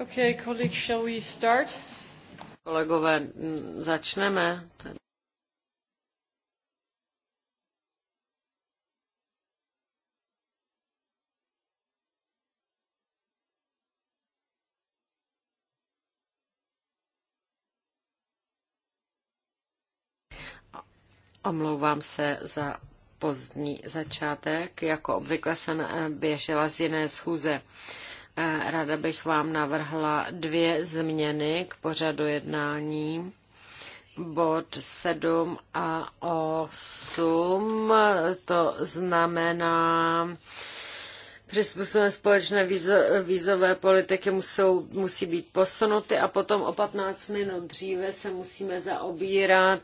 Okay, shall we start? Kolegové, mm, začneme. Omlouvám se za pozdní začátek. Jako obvykle jsem eh, běžela z jiné schůze. Eh, Ráda bych vám navrhla dvě změny k pořadu jednání bod 7 a 8, to znamená přizpůsobené společné vízo, vízové politiky musou, musí být posunuty a potom o 15 minut dříve se musíme zaobírat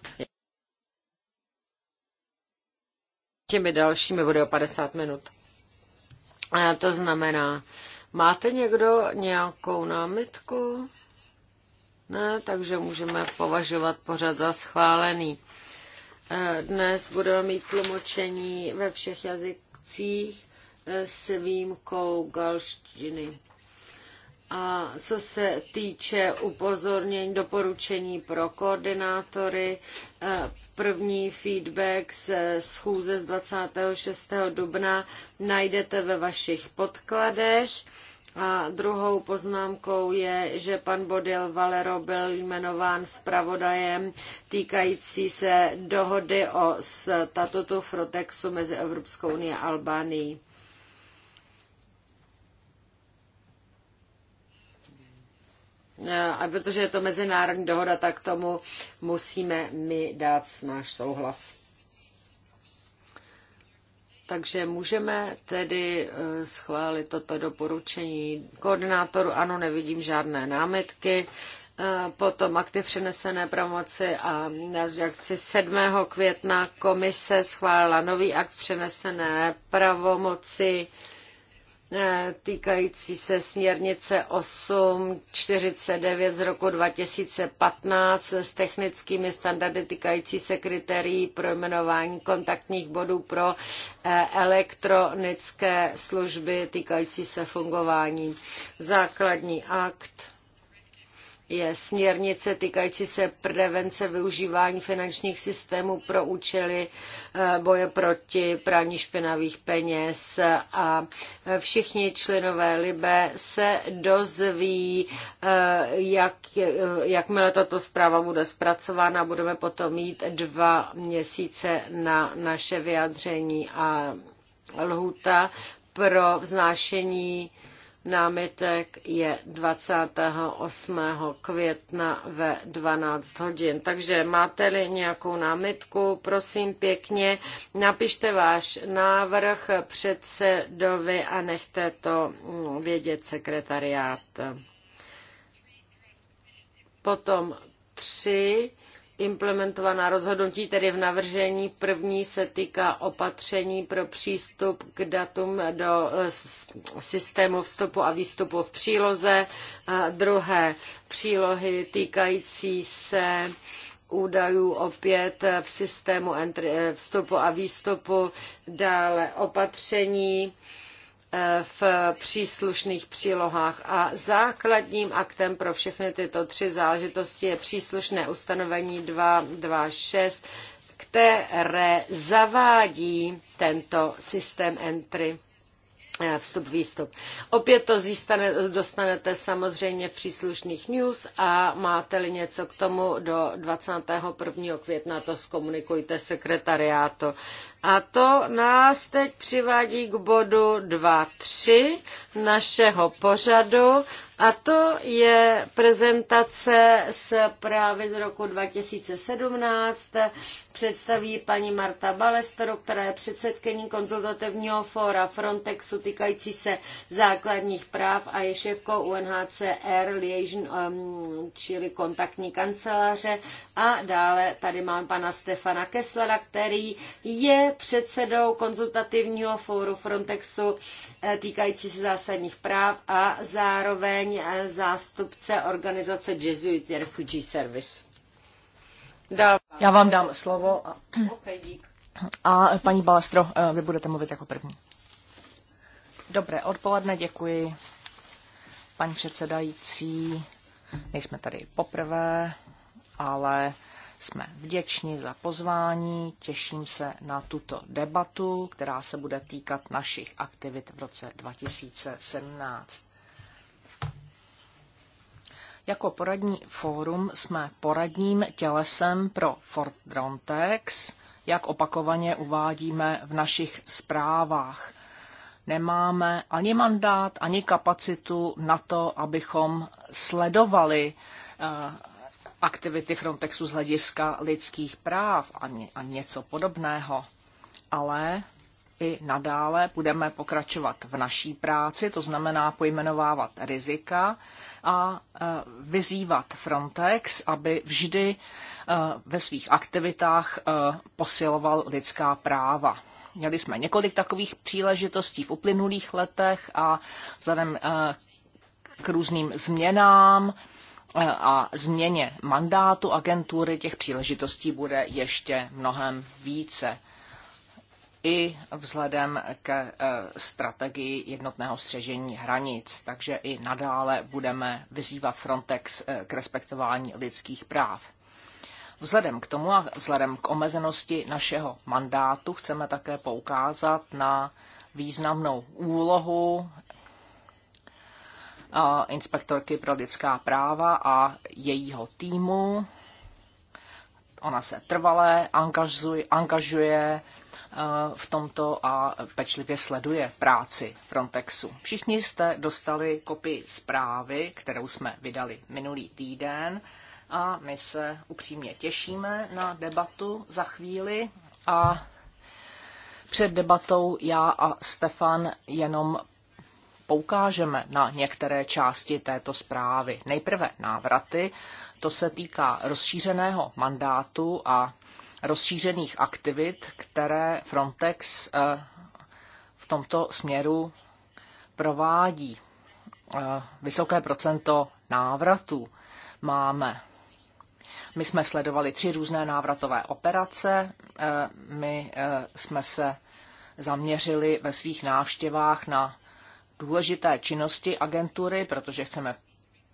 těmi dalšími body o 50 minut. A eh, to znamená, Máte někdo nějakou námitku? Ne, takže můžeme považovat pořad za schválený. Eh, dnes budeme mít tlumočení ve všech jazycích eh, s výjimkou galštiny. A co se týče upozornění, doporučení pro koordinátory, eh, První feedback z schůze z 26. dubna najdete ve vašich podkladech. A druhou poznámkou je, že pan Bodil Valero byl jmenován zpravodajem týkající se dohody o statutu Frontexu mezi Evropskou unii a Albánií. a protože je to mezinárodní dohoda, tak tomu musíme my dát náš souhlas. Takže můžeme tedy e, schválit toto doporučení koordinátoru. Ano, nevidím žádné námitky. E, potom akty přenesené pravomoci a akci 7. května komise schválila nový akt přenesené pravomoci Eh, týkající se směrnice 849 z roku 2015 s technickými standardy týkající se kritérií pro jmenování kontaktních bodů pro eh, elektronické služby týkající se fungování. Základní akt je směrnice týkající se prevence využívání finančních systémů pro účely eh, boje proti praní špinavých peněz a eh, všichni členové Libe se dozví, eh, jak, jakmile tato zpráva bude zpracována, budeme potom mít dva měsíce na naše vyjádření a lhuta pro vznášení námitek je 28. května ve 12 hodin. Takže máte-li nějakou námitku, prosím pěkně, napište váš návrh předsedovi a nechte to vědět sekretariát. Potom tři implementovaná rozhodnutí, tedy v navržení první se týká opatření pro přístup k datům do eh, systému vstupu a výstupu v příloze, a druhé přílohy týkající se údajů opět v systému eh, vstupu a výstupu, dále opatření v příslušných přílohách. A základním aktem pro všechny tyto tři záležitosti je příslušné ustanovení 226, které zavádí tento systém entry. Eh, vstup, výstup. Opět to zjistane, dostanete samozřejmě v příslušných news a máte-li něco k tomu do 21. května, to zkomunikujte sekretariátu. A to nás teď přivádí k bodu 2.3 našeho pořadu a to je prezentace z právě z roku 2017. Představí paní Marta Balestero, která je předsedkyní konzultativního fóra Frontexu týkající se základních práv a je šéfkou UNHCR, liaison, um, čili kontaktní kanceláře. A dále tady mám pana Stefana Kesslera, který je předsedou konzultativního fóru Frontexu eh, týkající se zásadních práv a zároveň Eh, zástupce organizace Jesuit Refugee Service. Já vám dám slovo. A, okay, dík. a paní Balastro, eh, vy budete mluvit jako první. Dobré odpoledne, děkuji. Paní předsedající, nejsme tady poprvé, ale jsme vděční za pozvání, těším se na tuto debatu, která se bude týkat našich aktivit v roce 2017. Jako poradní fórum jsme poradním tělesem pro Fort Frontex, jak opakovaně uvádíme v našich zprávách. Nemáme ani mandát, ani kapacitu na to, abychom sledovali eh, aktivity Frontexu z hlediska lidských práv a něco podobného. Ale i nadále budeme pokračovat v naší práci, to znamená pojmenovávat rizika a e, vyzývat Frontex, aby vždy e, ve svých aktivitách e, posiloval lidská práva. Měli jsme několik takových příležitostí v uplynulých letech a vzhledem k různým změnám a změně mandátu agentury těch příležitostí bude ještě mnohem více i vzhledem k eh, strategii jednotného střežení hranic. Takže i nadále budeme vyzývat Frontex eh, k respektování lidských práv. Vzhledem k tomu a vzhledem k omezenosti našeho mandátu chceme také poukázat na významnou úlohu eh, inspektorky pro lidská práva a jejího týmu. Ona se trvalé angažuje, angažuje Eh, v tomto a pečlivě sleduje práci Frontexu. Všichni jste dostali kopii zprávy, kterou jsme vydali minulý týden a my se upřímně těšíme na debatu za chvíli a před debatou já a Stefan jenom poukážeme na některé části této zprávy. Nejprve návraty, to se týká rozšířeného mandátu a rozšířených aktivit, které Frontex eh, v tomto směru provádí. Eh, vysoké procento návratů máme. My jsme sledovali tři různé návratové operace. Eh, my jsme se zaměřili ve svých návštěvách na důležité činnosti agentury, protože chceme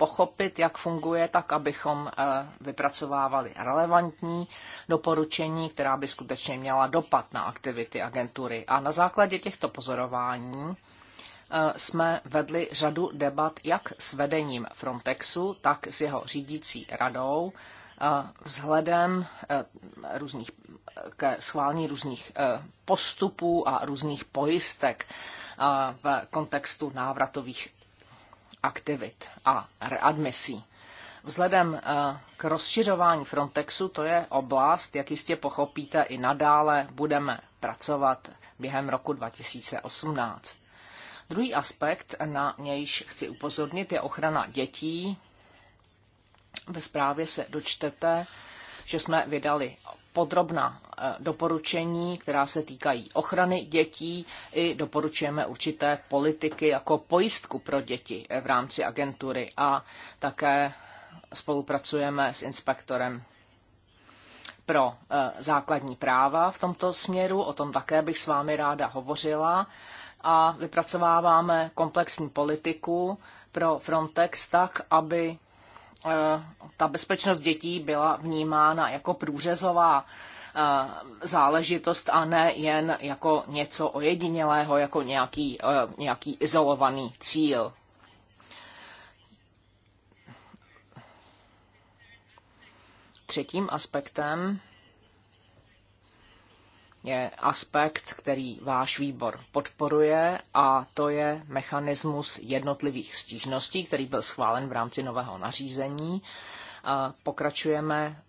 pochopit, jak funguje, tak abychom eh, vypracovávali relevantní doporučení, která by skutečně měla dopad na aktivity agentury. A na základě těchto pozorování eh, jsme vedli řadu debat jak s vedením Frontexu, tak s jeho řídící radou eh, vzhledem různých, ke schválení různých postupů a různých pojistek v kontextu návratových aktivit a readmisí. Vzhledem eh, k rozšiřování Frontexu, to je oblast, jak jistě pochopíte, i nadále budeme pracovat během roku 2018. Druhý aspekt, na nějž chci upozornit, je ochrana dětí. Ve zprávě se dočtete, že jsme vydali podrobná eh, doporučení, která se týkají ochrany dětí i doporučujeme určité politiky jako pojistku pro děti eh, v rámci agentury a také spolupracujeme s inspektorem pro eh, základní práva v tomto směru, o tom také bych s vámi ráda hovořila a vypracováváme komplexní politiku pro Frontex tak, aby Eh, ta bezpečnost dětí byla vnímána jako průřezová eh, záležitost a ne jen jako něco ojedinělého, jako nějaký, eh, nějaký izolovaný cíl. Třetím aspektem aspekt, který váš výbor podporuje, a to je mechanismus jednotlivých stížností, který byl schválen v rámci nového nařízení. Pokračujeme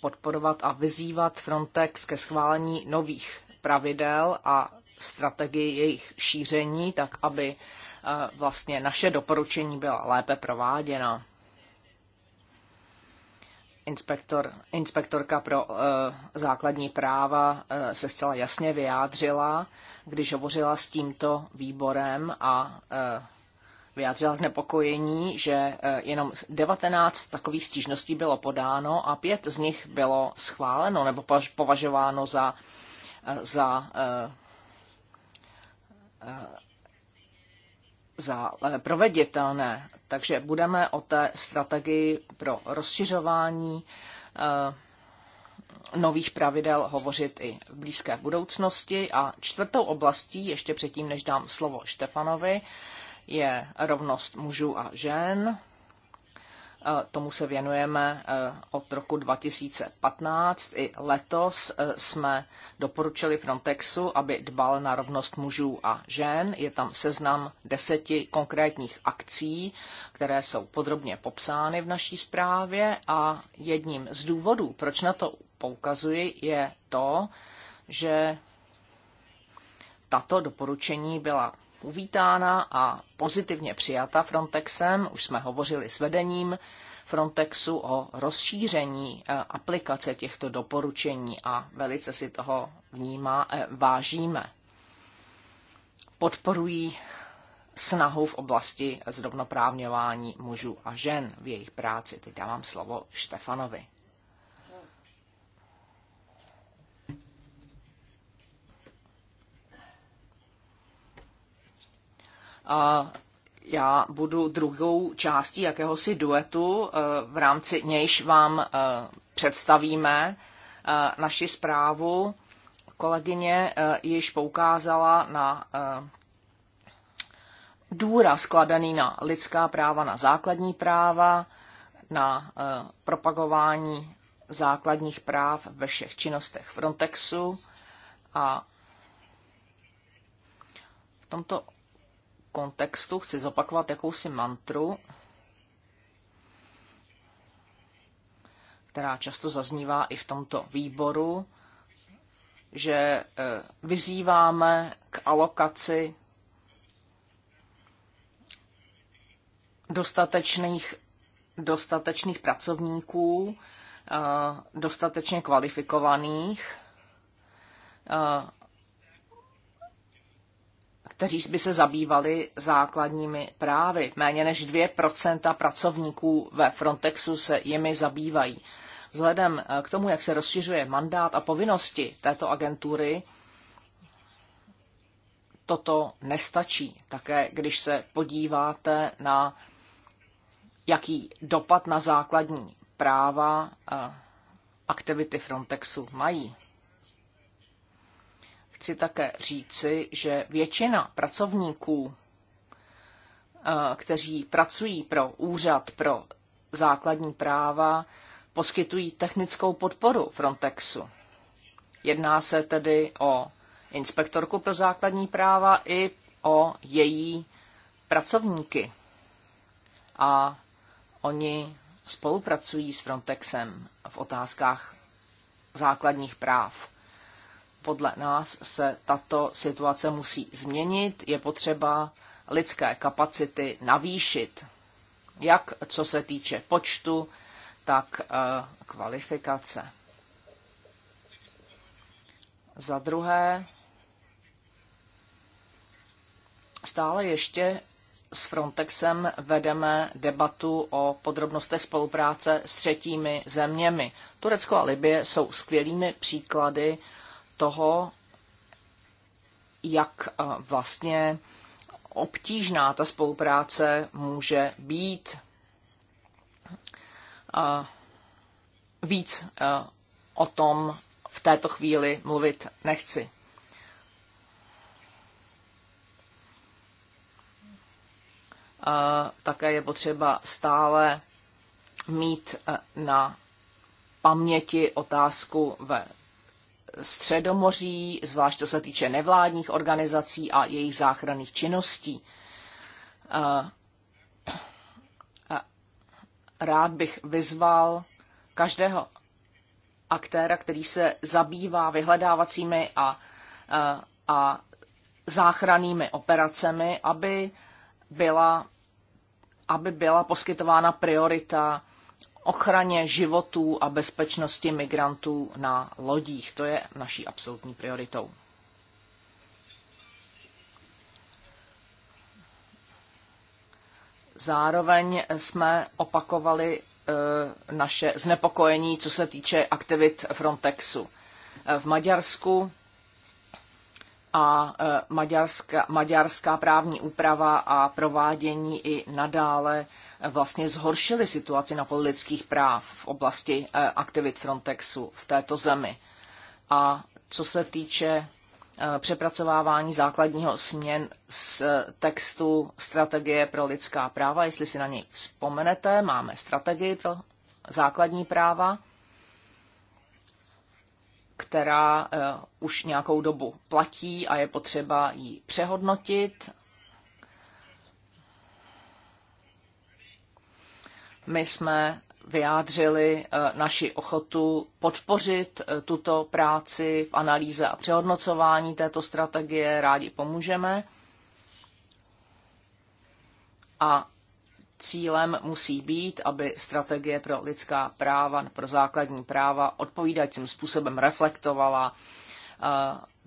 podporovat a vyzývat Frontex ke schválení nových pravidel a strategii jejich šíření, tak aby eh, vlastně naše doporučení byla lépe prováděna inspektor, inspektorka pro uh, základní práva uh, se zcela jasně vyjádřila, když hovořila s tímto výborem a uh, vyjádřila znepokojení, že jenom 19 takových stížností bylo podáno a pět z nich bylo schváleno nebo považováno za, za, za proveditelné. Takže budeme o té strategii pro rozšiřování eh, nových pravidel hovořit i v blízké budoucnosti. A čtvrtou oblastí, ještě předtím, než dám slovo Štefanovi, je rovnost mužů a žen. Eh, tomu se věnujeme eh, od roku 2015. I letos eh, jsme doporučili Frontexu, aby dbal na rovnost mužů a žen. Je tam seznam deseti konkrétních akcí, které jsou podrobně popsány v naší zprávě a jedním z důvodů, proč na to poukazuji, je to, že tato doporučení byla uvítána a pozitivně přijata Frontexem. Už jsme hovořili s vedením Frontexu o rozšíření e, aplikace těchto doporučení a velice si toho vnímá, e, vážíme. Podporují snahu v oblasti zrovnoprávňování mužů a žen v jejich práci. Teď dávám slovo Štefanovi. já budu druhou částí jakéhosi duetu, eh, v rámci nějž vám eh, představíme eh, naši zprávu. Kolegyně již poukázala na důraz skladaný na lidská práva, na základní práva, na propagování základních práv ve všech činnostech Frontexu a v tomto kontextu chci zopakovat jakousi mantru, která často zaznívá i v tomto výboru, že e, vyzýváme k alokaci dostatečných, dostatečných pracovníků, e, dostatečně kvalifikovaných e, kteří by se zabývali základními právy. Méně než 2% pracovníků ve Frontexu se jimi zabývají. Vzhledem eh, k tomu, jak se rozšiřuje mandát a povinnosti této agentury, toto nestačí. Také když se podíváte na jaký dopad na základní práva eh, aktivity Frontexu mají chci také říci, že většina pracovníků, eh, kteří pracují pro úřad pro základní práva, poskytují technickou podporu Frontexu. Jedná se tedy o inspektorku pro základní práva i o její pracovníky. A oni spolupracují s Frontexem v otázkách základních práv. Podle nás se tato situace musí změnit, je potřeba lidské kapacity navýšit, jak co se týče počtu, tak eh, kvalifikace. Za druhé, stále ještě s Frontexem vedeme debatu o podrobnostech spolupráce s třetími zeměmi. Turecko a Libye jsou skvělými příklady toho, jak eh, vlastně obtížná ta spolupráce může být. Víc eh, o tom v této chvíli mluvit nechci. Také je potřeba stále mít eh, na paměti otázku ve Středomoří, zvlášť co se týče nevládních organizací a jejich záchranných činností. Rád bych vyzval každého aktéra, který se zabývá vyhledávacími a, a, a záchrannými operacemi, aby byla, aby byla poskytována priorita ochraně životů a bezpečnosti migrantů na lodích. To je naší absolutní prioritou. Zároveň jsme opakovali e, naše znepokojení, co se týče aktivit Frontexu. E, v Maďarsku a e, maďarská, maďarská právní úprava a provádění i nadále e, vlastně zhoršily situaci na poli lidských práv v oblasti e, aktivit Frontexu v této zemi. A co se týče přepracovávání základního směn z textu Strategie pro lidská práva, jestli si na něj vzpomenete, máme strategii pro základní práva která eh, už nějakou dobu platí a je potřeba ji přehodnotit. My jsme vyjádřili eh, naši ochotu podpořit eh, tuto práci v analýze a přehodnocování této strategie. Rádi pomůžeme. A cílem musí být, aby strategie pro lidská práva, pro základní práva odpovídajícím způsobem reflektovala eh,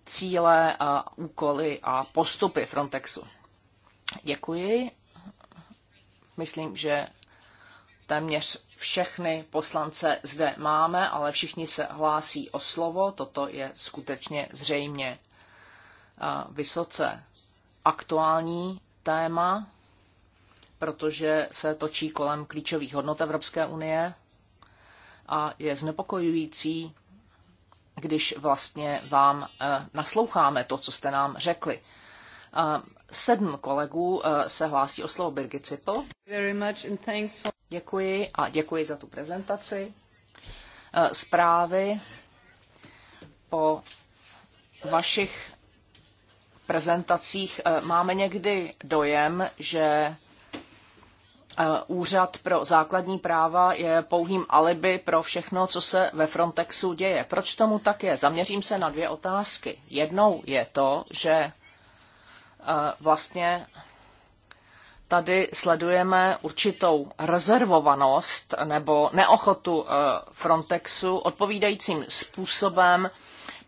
cíle, a úkoly a postupy Frontexu. Děkuji. Myslím, že téměř všechny poslance zde máme, ale všichni se hlásí o slovo. Toto je skutečně zřejmě eh, vysoce aktuální téma protože se točí kolem klíčových hodnot Evropské unie a je znepokojující, když vlastně vám eh, nasloucháme to, co jste nám řekli. Eh, sedm kolegů eh, se hlásí o slovo Birgit Zippel. Děkuji a děkuji za tu prezentaci. Zprávy po vašich prezentacích máme někdy dojem, že Eh, úřad pro základní práva je pouhým alibi pro všechno, co se ve Frontexu děje. Proč tomu tak je? Zaměřím se na dvě otázky. Jednou je to, že eh, vlastně tady sledujeme určitou rezervovanost nebo neochotu eh, Frontexu odpovídajícím způsobem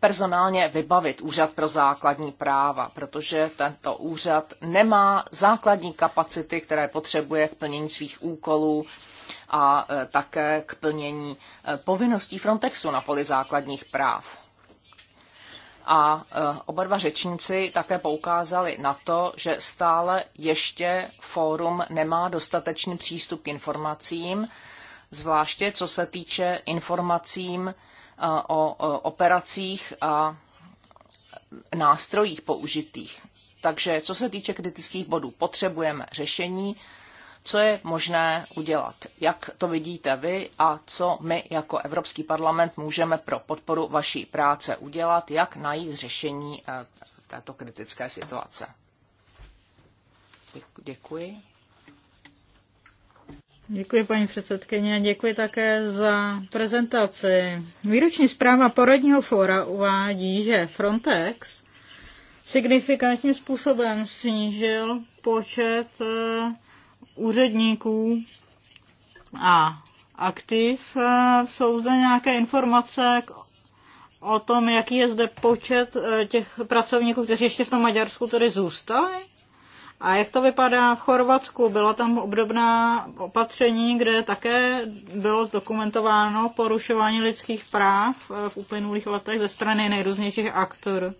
personálně vybavit úřad pro základní práva, protože tento úřad nemá základní kapacity, které potřebuje k plnění svých úkolů a e, také k plnění e, povinností Frontexu na poli základních práv. A e, oba dva řečníci také poukázali na to, že stále ještě fórum nemá dostatečný přístup k informacím, zvláště co se týče informacím, o operacích a nástrojích použitých. Takže co se týče kritických bodů, potřebujeme řešení, co je možné udělat, jak to vidíte vy a co my jako Evropský parlament můžeme pro podporu vaší práce udělat, jak najít řešení eh, této kritické situace. Děkuji. Děkuji, paní předsedkyně, děkuji také za prezentaci. Výroční zpráva Poradního fóra uvádí, že Frontex signifikantním způsobem snížil počet eh, úředníků a aktiv. Eh, jsou zde nějaké informace o tom, jaký je zde počet eh, těch pracovníků, kteří ještě v tom Maďarsku tedy zůstali? A jak to vypadá v Chorvatsku? Byla tam obdobná opatření, kde také bylo zdokumentováno porušování lidských práv eh, v uplynulých letech ze strany nejrůznějších aktorů.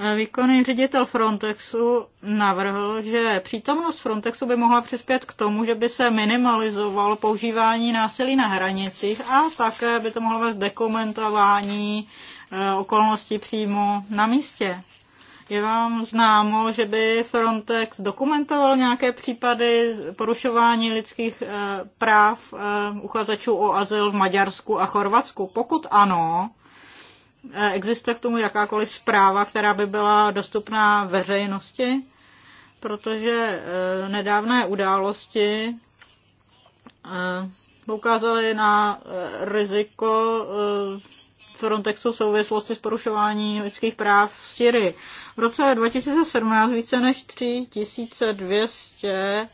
Eh, Výkonný ředitel Frontexu navrhl, že přítomnost Frontexu by mohla přispět k tomu, že by se minimalizovalo používání násilí na hranicích a také by to mohlo vést dokumentování eh, okolností přímo na místě. Je vám známo, že by Frontex dokumentoval nějaké případy porušování lidských eh, práv eh, uchazečů o azyl v Maďarsku a Chorvatsku? Pokud ano, eh, existuje k tomu jakákoliv zpráva, která by byla dostupná veřejnosti? Protože nedávné události poukázaly na riziko Frontexu v souvislosti s porušováním lidských práv v Syrii. V roce 2017 více než 3200 eh,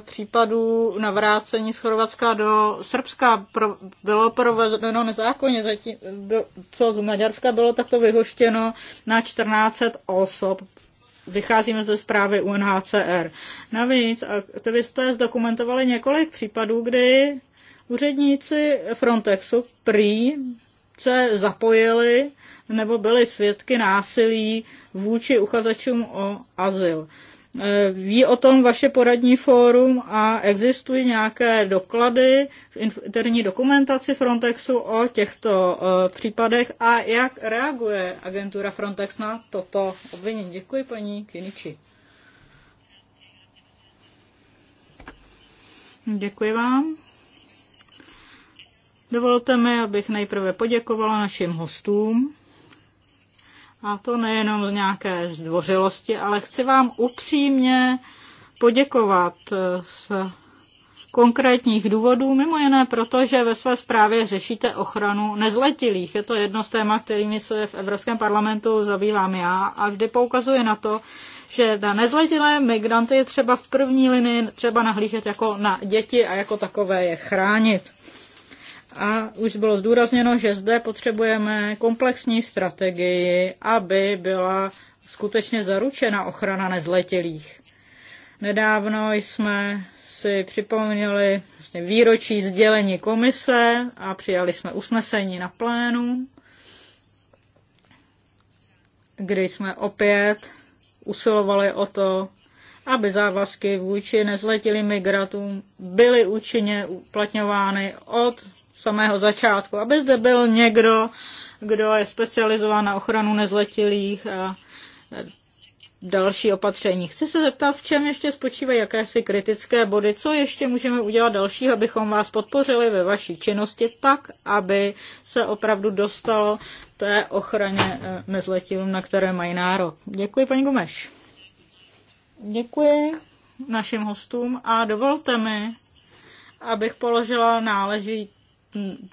případů navrácení z Chorvatska do Srbska pro, bylo provedeno nezákonně, zatím, co z Maďarska bylo takto vyhoštěno na 14 osob. Vycházíme ze zprávy UNHCR. Navíc aktivisté zdokumentovali několik případů, kdy úředníci Frontexu prý se zapojili nebo byli svědky násilí vůči uchazečům o azyl. E, ví o tom vaše poradní fórum a existují nějaké doklady v interní dokumentaci Frontexu o těchto e, případech a jak reaguje agentura Frontex na toto obvinění? Děkuji paní Kiniči. Děkuji vám. Dovolte mi, abych nejprve poděkovala našim hostům. A to nejenom z nějaké zdvořilosti, ale chci vám upřímně poděkovat z konkrétních důvodů, mimo jiné proto, že ve své zprávě řešíte ochranu nezletilých. Je to jedno z téma, kterými se v Evropském parlamentu zabývám já a kdy poukazuje na to, že na nezletilé migranty je třeba v první linii třeba nahlížet jako na děti a jako takové je chránit. A už bylo zdůrazněno, že zde potřebujeme komplexní strategii, aby byla skutečně zaručena ochrana nezletilých. Nedávno jsme si připomněli vlastně výročí sdělení komise a přijali jsme usnesení na plénu, kdy jsme opět usilovali o to, aby závazky vůči nezletilým migrantům byly účinně uplatňovány od samého začátku, aby zde byl někdo, kdo je specializován na ochranu nezletilých a další opatření. Chci se zeptat, v čem ještě spočívají jakési kritické body, co ještě můžeme udělat dalšího, abychom vás podpořili ve vaší činnosti tak, aby se opravdu dostalo té ochraně e, nezletilům, na které mají nárok. Děkuji, paní Gomeš. Děkuji našim hostům a dovolte mi, abych položila náležit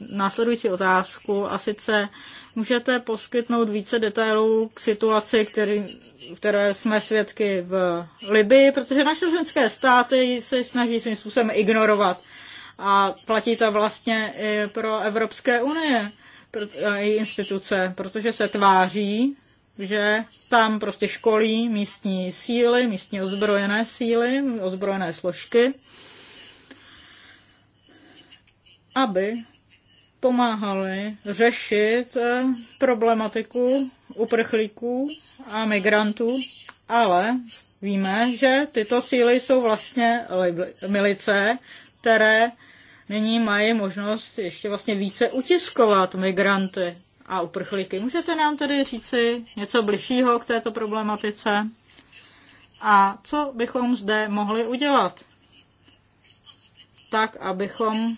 následující otázku a sice můžete poskytnout více detailů k situaci, který, které jsme svědky v Libii, protože naše ženské státy se snaží svým způsobem ignorovat a platí to vlastně i pro Evropské unie a eh, její instituce, protože se tváří, že tam prostě školí místní síly, místní ozbrojené síly, ozbrojené složky aby pomáhali řešit eh, problematiku uprchlíků a migrantů, ale víme, že tyto síly jsou vlastně milice, které nyní mají možnost ještě vlastně více utiskovat migranty a uprchlíky. Můžete nám tedy říci něco bližšího k této problematice? A co bychom zde mohli udělat? Tak, abychom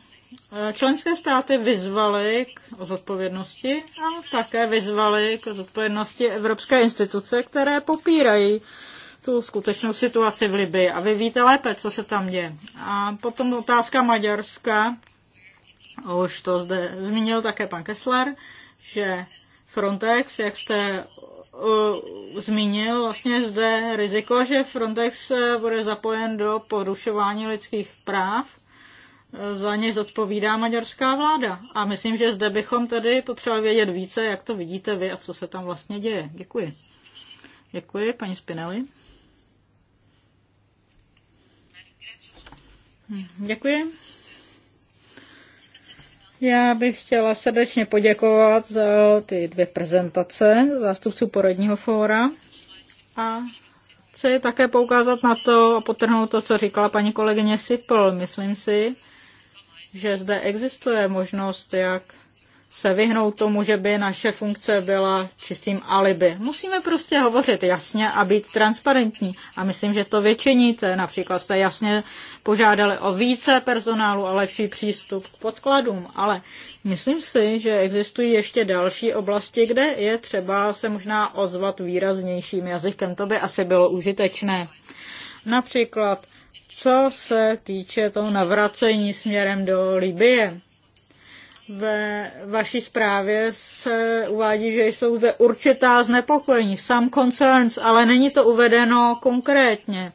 Eh, členské státy vyzvaly k zodpovědnosti a také vyzvaly k zodpovědnosti evropské instituce, které popírají tu skutečnou situaci v Libii. A vy víte lépe, co se tam děje. A potom otázka Maďarska. Už to zde zmínil také pan Kessler, že Frontex, jak jste uh, zmínil, vlastně zde riziko, že Frontex eh, bude zapojen do porušování lidských práv za ně zodpovídá maďarská vláda. A myslím, že zde bychom tedy potřebovali vědět více, jak to vidíte vy a co se tam vlastně děje. Děkuji. Děkuji, paní Spinelli. Hm, děkuji. Já bych chtěla srdečně poděkovat za ty dvě prezentace zástupců porodního fóra a chci také poukázat na to a potrhnout to, co říkala paní kolegyně Sipl. Myslím si, že zde existuje možnost, jak se vyhnout tomu, že by naše funkce byla čistým alibi. Musíme prostě hovořit jasně a být transparentní. A myslím, že to většiníte. Například jste jasně požádali o více personálu a lepší přístup k podkladům. Ale myslím si, že existují ještě další oblasti, kde je třeba se možná ozvat výraznějším jazykem. To by asi bylo užitečné. Například co se týče toho navracení směrem do Libie. Ve vaší zprávě se uvádí, že jsou zde určitá znepokojení, some concerns, ale není to uvedeno konkrétně.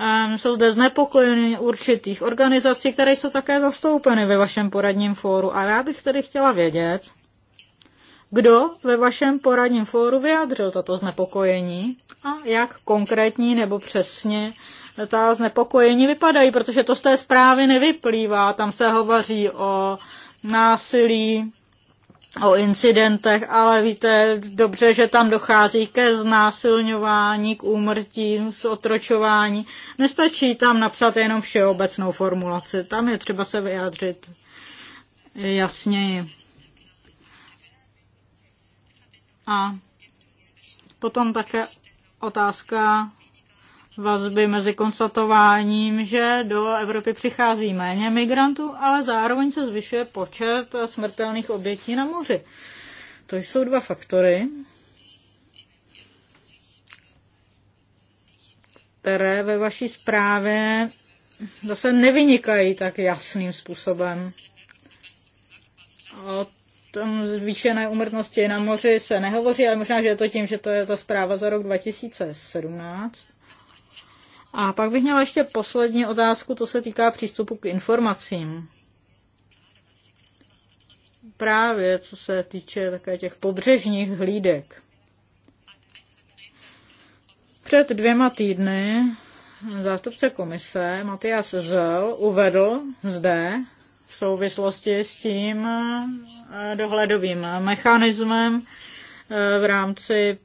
Ehm, jsou zde znepokojení určitých organizací, které jsou také zastoupeny ve vašem poradním fóru. A já bych tedy chtěla vědět, kdo ve vašem poradním fóru vyjádřil toto znepokojení a jak konkrétní nebo přesně ta znepokojení vypadají, protože to z té zprávy nevyplývá. Tam se hovoří o násilí, o incidentech, ale víte dobře, že tam dochází ke znásilňování, k úmrtí, k otročování. Nestačí tam napsat jenom všeobecnou formulaci, tam je třeba se vyjádřit jasněji. A potom také otázka vazby mezi konstatováním, že do Evropy přichází méně migrantů, ale zároveň se zvyšuje počet smrtelných obětí na moři. To jsou dva faktory, které ve vaší zprávě zase nevynikají tak jasným způsobem. O tom zvýšené umrtnosti na moři se nehovoří, ale možná, že je to tím, že to je ta zpráva za rok 2017. A pak bych měla ještě poslední otázku, to se týká přístupu k informacím. Právě co se týče také těch pobřežních hlídek. Před dvěma týdny zástupce komise Matias Zel uvedl zde v souvislosti s tím eh, dohledovým mechanismem eh, v rámci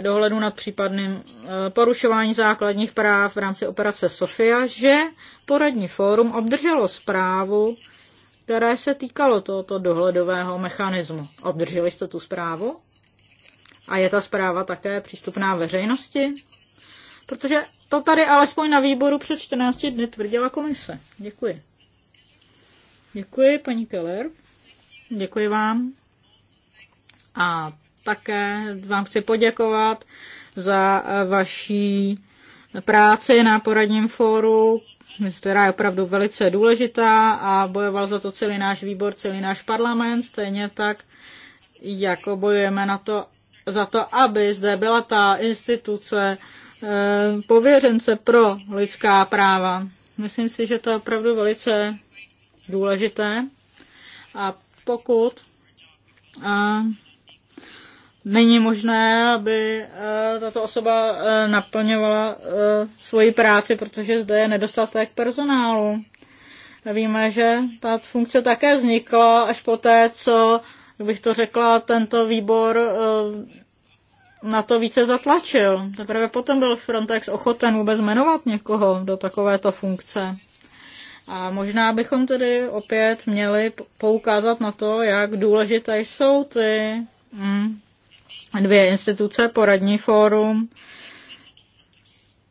dohledu nad případným eh, porušování základních práv v rámci operace Sofia, že poradní fórum obdrželo zprávu, které se týkalo tohoto dohledového mechanismu. Obdrželi jste tu zprávu? A je ta zpráva také přístupná veřejnosti? Protože to tady alespoň na výboru před 14 dny tvrdila komise. Děkuji. Děkuji, paní Keller. Děkuji vám. A také vám chci poděkovat za vaší práci na poradním fóru, která je opravdu velice důležitá a bojoval za to celý náš výbor, celý náš parlament, stejně tak jako bojujeme na to, za to, aby zde byla ta instituce eh, pověřence pro lidská práva. Myslím si, že to je opravdu velice důležité. A pokud a není možné, aby eh, tato osoba eh, naplňovala eh, svoji práci, protože zde je nedostatek personálu. Víme, že ta funkce také vznikla až poté, co, jak bych to řekla, tento výbor na to více zatlačil. Teprve potom byl Frontex ochoten vůbec jmenovat někoho do takovéto funkce. A možná bychom tedy opět měli poukázat na to, jak důležité jsou ty hm, dvě instituce, poradní fórum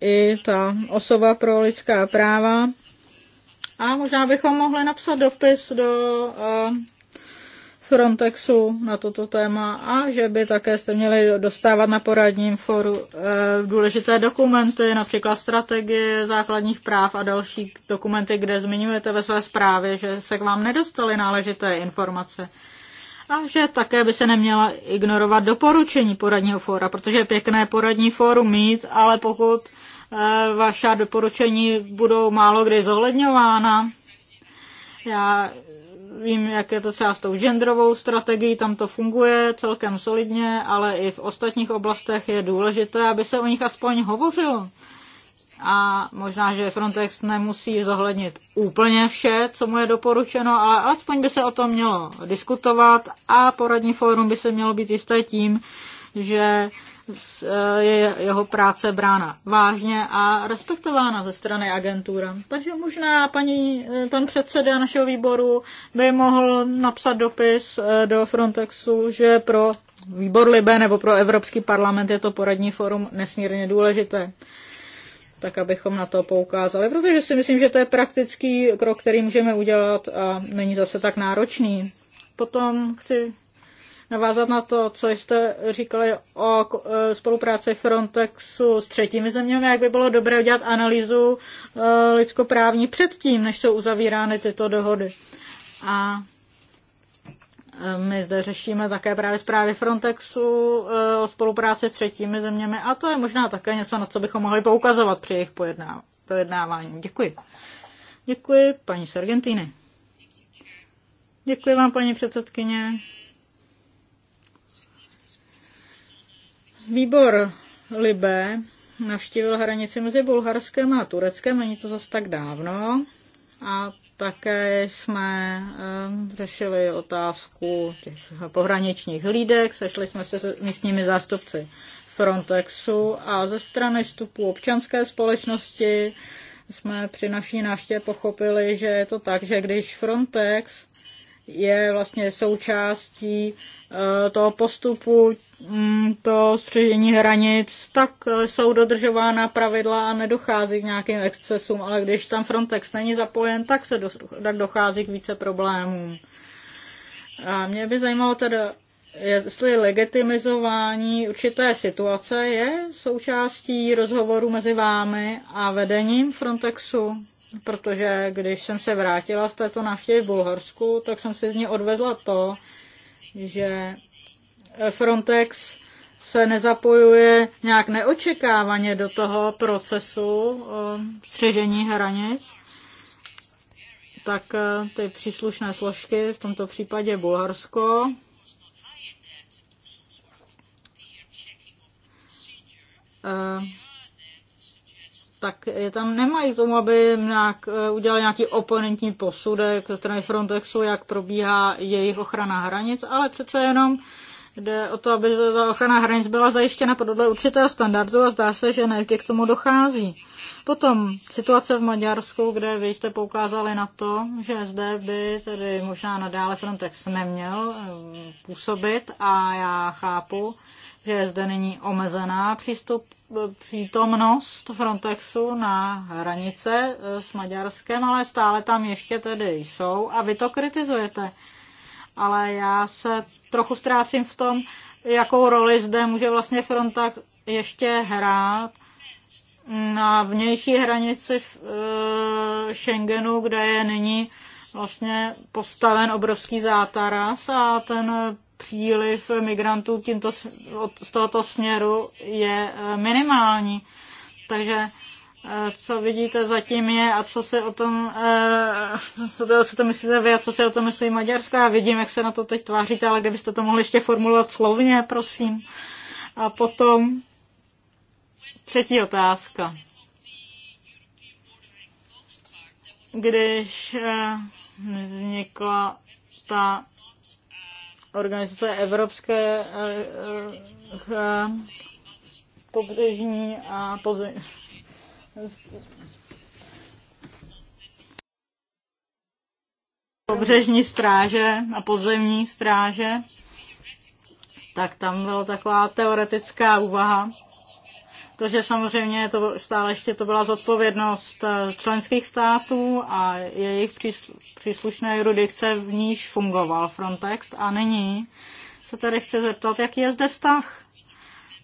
i ta osoba pro lidská práva. A možná bychom mohli napsat dopis do eh, Frontexu na toto téma a že by také jste měli dostávat na poradním fóru eh, důležité dokumenty, například strategie základních práv a další dokumenty, kde zmiňujete ve své zprávě, že se k vám nedostaly náležité informace a že také by se neměla ignorovat doporučení poradního fóra, protože je pěkné poradní fórum mít, ale pokud eh, vaše doporučení budou málo kdy zohledňována, já vím, jak je to třeba s tou genderovou strategií, tam to funguje celkem solidně, ale i v ostatních oblastech je důležité, aby se o nich aspoň hovořilo a možná, že Frontex nemusí zohlednit úplně vše, co mu je doporučeno, ale alespoň by se o tom mělo diskutovat a poradní fórum by se mělo být jisté tím, že eh, je jeho práce brána vážně a respektována ze strany agentura. Takže možná paní, eh, pan předseda našeho výboru by mohl napsat dopis eh, do Frontexu, že pro výbor Libe nebo pro Evropský parlament je to poradní forum nesmírně důležité tak abychom na to poukázali, protože si myslím, že to je praktický krok, který můžeme udělat a není zase tak náročný. Potom chci navázat na to, co jste říkali o e, spolupráci Frontexu s třetími zeměmi, jak by bylo dobré udělat analýzu e, lidskoprávní předtím, než jsou uzavírány tyto dohody. A my zde řešíme také právě zprávy Frontexu e, o spolupráci s třetími zeměmi a to je možná také něco, na co bychom mohli poukazovat při jejich pojednávání. Děkuji. Děkuji paní z Děkuji vám, paní předsedkyně. Výbor Libé navštívil hranici mezi Bulharskem a Tureckem, není to zas tak dávno. A také jsme ehm, řešili otázku těch pohraničních hlídek, sešli jsme se s místními zástupci Frontexu a ze strany vstupu občanské společnosti jsme při naší návštěvě pochopili, že je to tak, že když Frontex je vlastně součástí eh, toho postupu, mm, to střežení hranic, tak eh, jsou dodržována pravidla a nedochází k nějakým excesům, ale když tam Frontex není zapojen, tak se do, tak dochází k více problémům. A mě by zajímalo teda, jestli legitimizování určité situace je součástí rozhovoru mezi vámi a vedením Frontexu protože když jsem se vrátila z této návštěvy v Bulharsku, tak jsem si z ní odvezla to, že Frontex se nezapojuje nějak neočekávaně do toho procesu eh, střežení hranic, tak eh, ty příslušné složky, v tomto případě Bulharsko, eh, tak je tam nemají k tomu, aby nějak eh, udělali nějaký oponentní posudek ze strany Frontexu, jak probíhá jejich ochrana hranic, ale přece jenom jde o to, aby ta ochrana hranic byla zajištěna podle určitého standardu a zdá se, že ne k tomu dochází. Potom situace v Maďarsku, kde vy jste poukázali na to, že zde by tedy možná nadále Frontex neměl eh, působit a já chápu, že zde není omezená přístup, e, přítomnost Frontexu na hranice e, s Maďarskem, ale stále tam ještě tedy jsou a vy to kritizujete. Ale já se trochu ztrácím v tom, jakou roli zde může vlastně Frontex ještě hrát na vnější hranici e, Schengenu, kde je nyní vlastně postaven obrovský zátaras a ten příliv migrantů tímto, z tohoto směru je eh, minimální. Takže eh, co vidíte zatím je a co si o tom, eh, co to, co to myslíte vy a co si o tom myslí Maďarska. Já vidím, jak se na to teď tváříte, ale kdybyste to mohli ještě formulovat slovně, prosím. A potom třetí otázka. Když vznikla ta organizace Evropské eh, eh, pobřežní a pozemní pobřežní stráže a pozemní stráže, tak tam byla taková teoretická úvaha, protože samozřejmě to stále ještě to byla zodpovědnost eh, členských států a jejich příslušné jurisdikce, v níž fungoval Frontex. A nyní se tady chci zeptat, jaký je zde vztah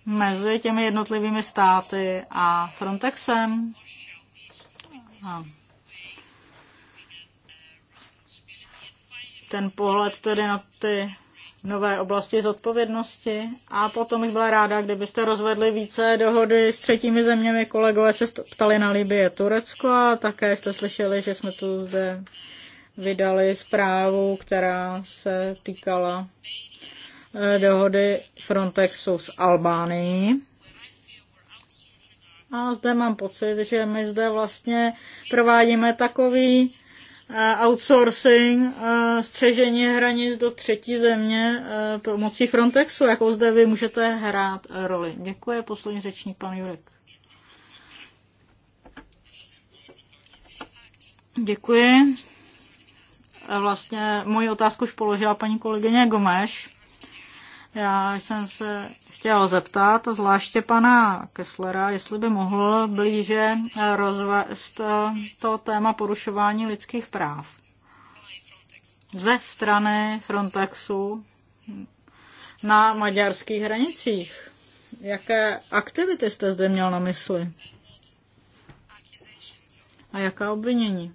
mezi těmi jednotlivými státy a Frontexem. A ten pohled tedy na ty nové oblasti zodpovědnosti. A potom bych byla ráda, kdybyste rozvedli více dohody s třetími zeměmi. Kolegové se ptali na Libie, Turecko a také jste slyšeli, že jsme tu zde vydali zprávu, která se týkala eh, dohody Frontexu s Albánií. A zde mám pocit, že my zde vlastně provádíme takový Eh, outsourcing, eh, střežení hranic do třetí země eh, pomocí Frontexu, jako zde vy můžete hrát roli. Děkuji, poslední řečník, pan Jurek. Děkuji. Vlastně moji otázku už položila paní kolegyně Gomeš. Já jsem se chtěla zeptat, zvláště pana Kesslera, jestli by mohl blíže rozvést eh, to téma porušování lidských práv. Ze strany Frontexu na maďarských hranicích. Jaké aktivity jste zde měl na mysli? A jaká obvinění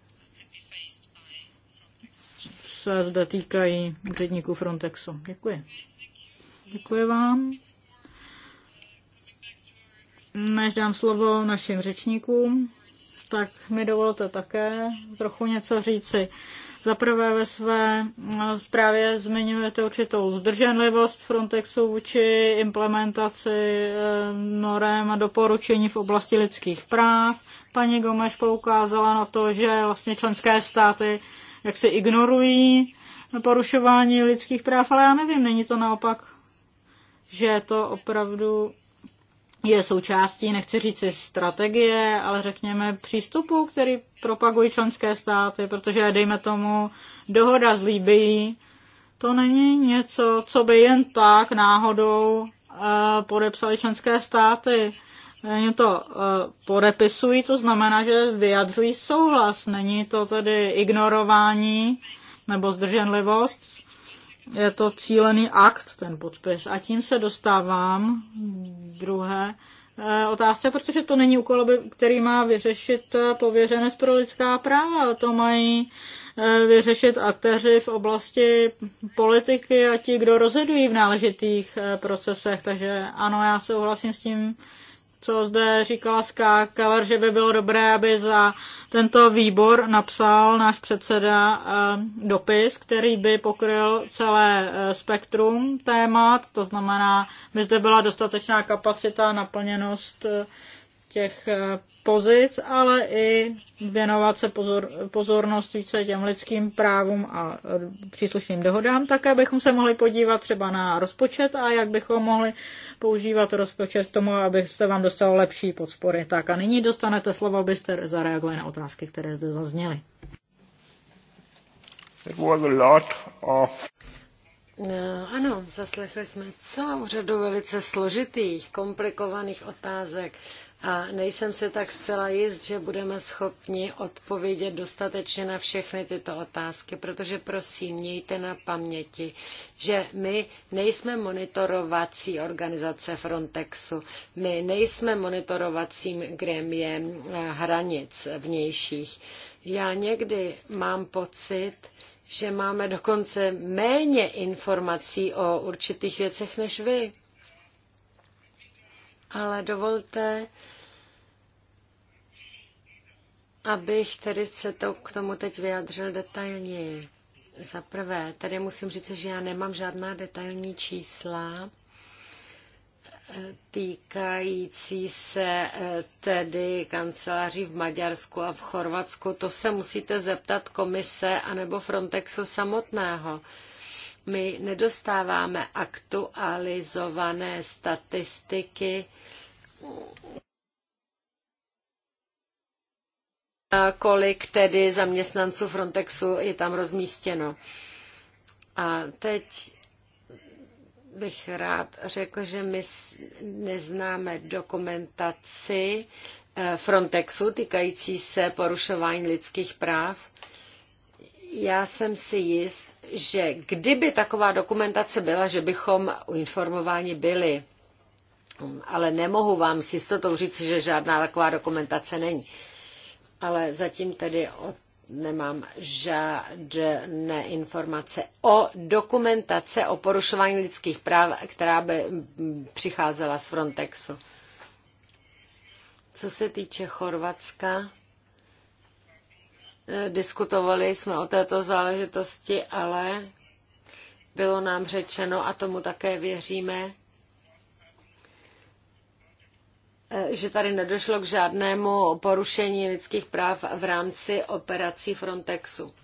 se zde týkají úředníků Frontexu? Děkuji. Děkuji vám. Než dám slovo našim řečníkům, tak mi dovolte také trochu něco říci. Za prvé ve své eh, zprávě zmiňujete určitou zdrženlivost Frontexu vůči implementaci eh, norem a doporučení v oblasti lidských práv. Paní Gomeš poukázala na to, že vlastně členské státy jaksi ignorují porušování lidských práv, ale já nevím, není to naopak že to opravdu je součástí, nechci říct si strategie, ale řekněme přístupu, který propagují členské státy, protože dejme tomu dohoda s Líbyí, to není něco, co by jen tak náhodou eh, podepsali členské státy. Oni to eh, podepisují, to znamená, že vyjadřují souhlas. Není to tedy ignorování nebo zdrženlivost, je to cílený akt, ten podpis. A tím se dostávám druhé eh, otázce, protože to není úkol, který má vyřešit eh, pověřenec pro lidská práva. To mají eh, vyřešit aktéři v oblasti politiky a ti, kdo rozhodují v náležitých procesech. Takže ano, já souhlasím s tím, co zde říkala Ská Keller, že by bylo dobré, aby za tento výbor napsal náš předseda eh, dopis, který by pokryl celé eh, spektrum témat, to znamená, by zde byla dostatečná kapacita, naplněnost eh, těch eh, pozic, ale i věnovat se pozor, pozornost více těm lidským právům a eh, příslušným dohodám. Také bychom se mohli podívat třeba na rozpočet a jak bychom mohli používat rozpočet k tomu, abyste vám dostalo lepší podpory. Tak a nyní dostanete slovo, abyste zareagovali na otázky, které zde zazněly. It was a lot of... No, ano, zaslechli jsme celou řadu velice složitých, komplikovaných otázek a nejsem si tak zcela jist, že budeme schopni odpovědět dostatečně na všechny tyto otázky, protože prosím, mějte na paměti, že my nejsme monitorovací organizace Frontexu, my nejsme monitorovacím gremiem eh, hranic vnějších. Já někdy mám pocit, že máme dokonce méně informací o určitých věcech než vy ale dovolte, abych tedy se to k tomu teď vyjadřil detailněji. Za prvé, tady musím říct, že já nemám žádná detailní čísla eh, týkající se eh, tedy kanceláří v Maďarsku a v Chorvatsku. To se musíte zeptat komise anebo Frontexu samotného my nedostáváme aktualizované statistiky kolik tedy zaměstnanců Frontexu je tam rozmístěno. A teď bych rád řekl, že my neznáme dokumentaci eh, Frontexu týkající se porušování lidských práv. Já jsem si jist, že kdyby taková dokumentace byla, že bychom informováni byli, ale nemohu vám s jistotou říct, že žádná taková dokumentace není. Ale zatím tedy od nemám žádné informace o dokumentace o porušování lidských práv, která by přicházela z Frontexu. Co se týče Chorvatska, Diskutovali jsme o této záležitosti, ale bylo nám řečeno, a tomu také věříme, eh, že tady nedošlo k žádnému porušení lidských práv v rámci operací Frontexu.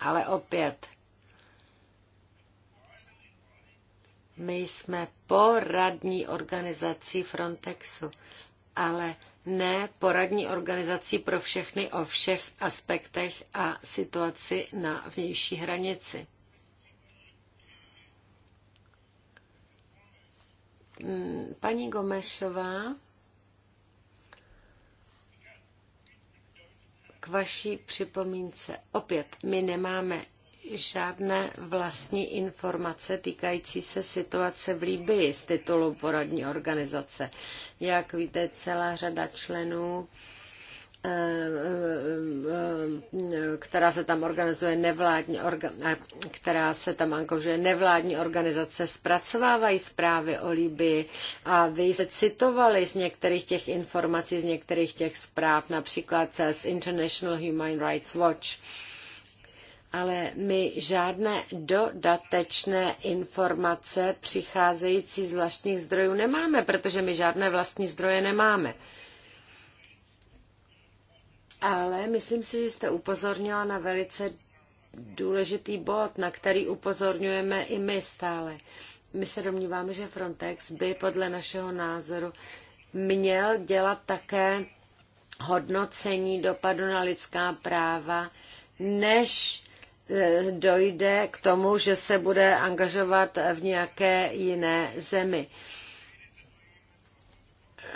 Ale opět, my jsme poradní organizací Frontexu, ale ne poradní organizací pro všechny o všech aspektech a situaci na vnější hranici. Hmm, paní Gomešová, k vaší připomínce. Opět, my nemáme žádné vlastní informace týkající se situace v Líbii z titulu poradní organizace. Jak víte, celá řada členů eh, eh, eh, která se tam organizuje nevládní orga, která se tam angažuje nevládní organizace, zpracovávají zprávy o Libii a vy jste citovali z některých těch informací, z některých těch zpráv, například z International Human Rights Watch ale my žádné dodatečné informace přicházející z vlastních zdrojů nemáme, protože my žádné vlastní zdroje nemáme. Ale myslím si, že jste upozornila na velice důležitý bod, na který upozorňujeme i my stále. My se domníváme, že Frontex by podle našeho názoru měl dělat také hodnocení dopadu na lidská práva, než Eh, dojde k tomu, že se bude angažovat v nějaké jiné zemi.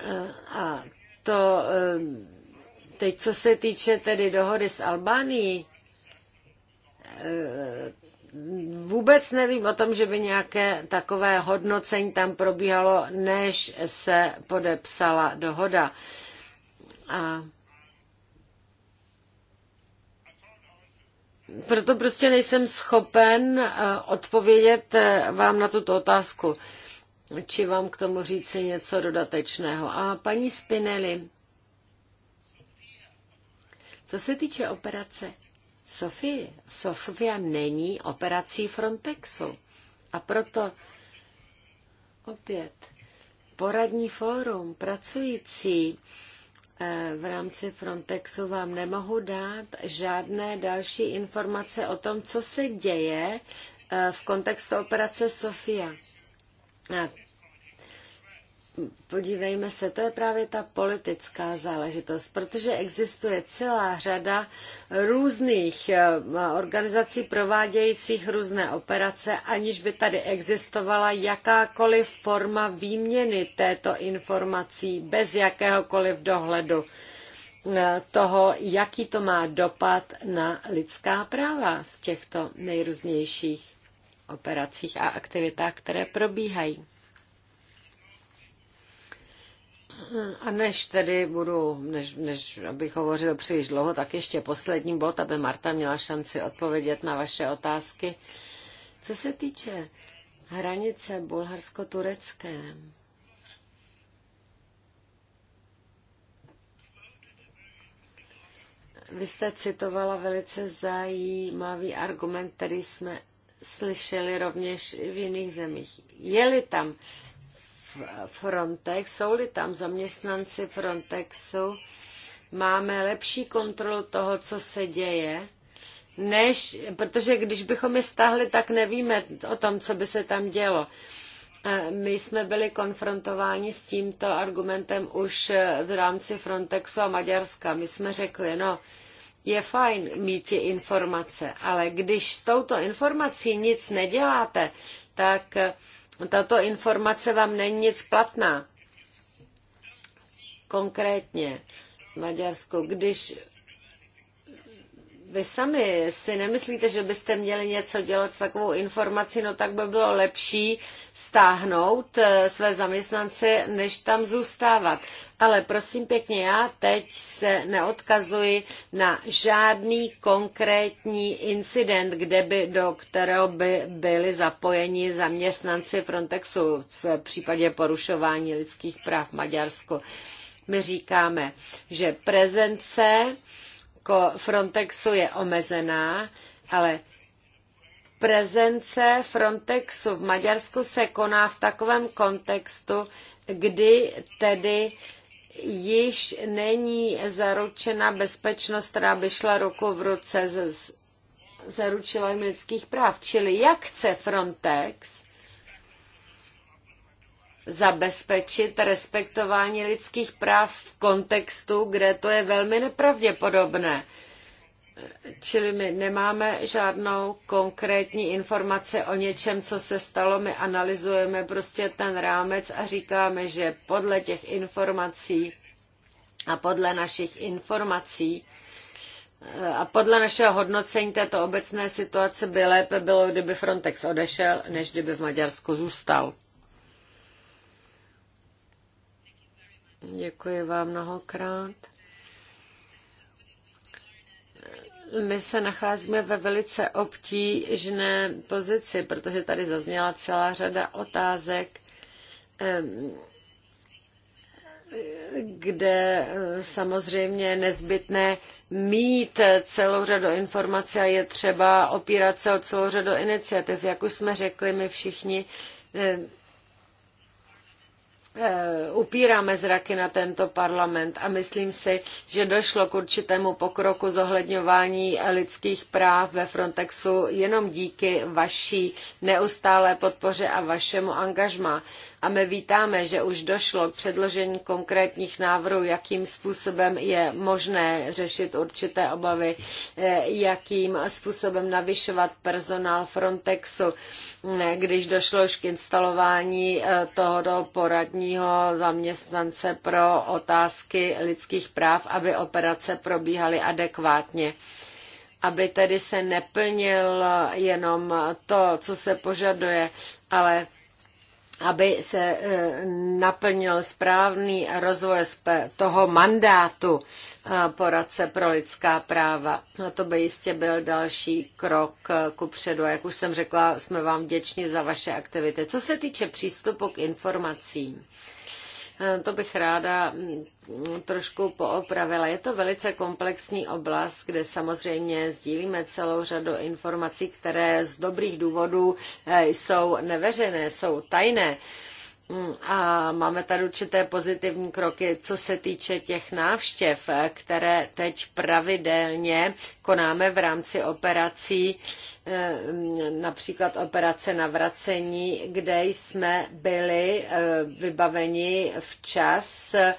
Eh, a to eh, teď, co se týče tedy dohody s Albánií, vůbec nevím o tom, že by nějaké takové hodnocení tam probíhalo, než se podepsala dohoda. A proto prostě nejsem schopen eh, odpovědět eh, vám na tuto otázku, či vám k tomu říci něco dodatečného. A paní Spinelli, co se týče operace Sofie, Sofia není operací Frontexu. A proto opět poradní fórum pracující E, v rámci Frontexu vám nemohu dát žádné další informace o tom, co se děje e, v kontextu operace Sofia podívejme se, to je právě ta politická záležitost, protože existuje celá řada různých eh, organizací provádějících různé operace, aniž by tady existovala jakákoliv forma výměny této informací bez jakéhokoliv dohledu eh, toho, jaký to má dopad na lidská práva v těchto nejrůznějších operacích a aktivitách, které probíhají. A než tedy budu, než, než abych hovořil příliš dlouho, tak ještě poslední bod, aby Marta měla šanci odpovědět na vaše otázky. Co se týče hranice bulharsko-turecké, vy jste citovala velice zajímavý argument, který jsme slyšeli rovněž v jiných zemích. Je-li tam Frontex, jsou-li tam zaměstnanci Frontexu, máme lepší kontrolu toho, co se děje, než, protože když bychom je stáhli, tak nevíme o tom, co by se tam dělo. My jsme byli konfrontováni s tímto argumentem už v rámci Frontexu a Maďarska. My jsme řekli, no, je fajn mít ti informace, ale když s touto informací nic neděláte, tak tato informace vám není nic platná. Konkrétně v Maďarsku, když vy sami si nemyslíte, že byste měli něco dělat s takovou informací, no tak by bylo lepší stáhnout eh, své zaměstnance, než tam zůstávat. Ale prosím pěkně, já teď se neodkazuji na žádný konkrétní incident, kde by, do kterého by byli zapojeni zaměstnanci Frontexu v případě porušování lidských práv v Maďarsku. My říkáme, že prezence Frontexu je omezená, ale prezence Frontexu v Maďarsku se koná v takovém kontextu, kdy tedy již není zaručena bezpečnost, která by šla ruku v ruce s zaručila lidských práv. Čili jak chce Frontex zabezpečit respektování lidských práv v kontextu, kde to je velmi nepravděpodobné. Čili my nemáme žádnou konkrétní informaci o něčem, co se stalo. My analyzujeme prostě ten rámec a říkáme, že podle těch informací a podle našich informací a podle našeho hodnocení této obecné situace by lépe bylo, kdyby Frontex odešel, než kdyby v Maďarsku zůstal. Děkuji vám mnohokrát. My se nacházíme ve velice obtížné pozici, protože tady zazněla celá řada otázek, kde eh, samozřejmě je nezbytné mít celou řadu informací a je třeba opírat se o celou řadu iniciativ. Jak už jsme řekli, my všichni eh, Eh, upíráme zraky na tento parlament a myslím si, že došlo k určitému pokroku zohledňování lidských práv ve Frontexu jenom díky vaší neustálé podpoře a vašemu angažmá a my vítáme, že už došlo k předložení konkrétních návrhů, jakým způsobem je možné řešit určité obavy, eh, jakým způsobem navyšovat personál Frontexu, když došlo už k instalování eh, tohoto poradního zaměstnance pro otázky lidských práv, aby operace probíhaly adekvátně aby tedy se neplnil jenom to, co se požaduje, ale aby se e, naplnil správný rozvoj toho mandátu e, poradce pro lidská práva. A to by jistě byl další krok e, ku předu. Jak už jsem řekla, jsme vám vděční za vaše aktivity. Co se týče přístupu k informacím, Eh, to bych ráda mm, trošku poopravila. Je to velice komplexní oblast, kde samozřejmě sdílíme celou řadu informací, které z dobrých důvodů eh, jsou neveřejné, jsou tajné. Mm, a máme tady určité pozitivní kroky, co se týče těch návštěv, eh, které teď pravidelně konáme v rámci operací Eh, například operace navracení, kde jsme byli eh, vybaveni včas eh,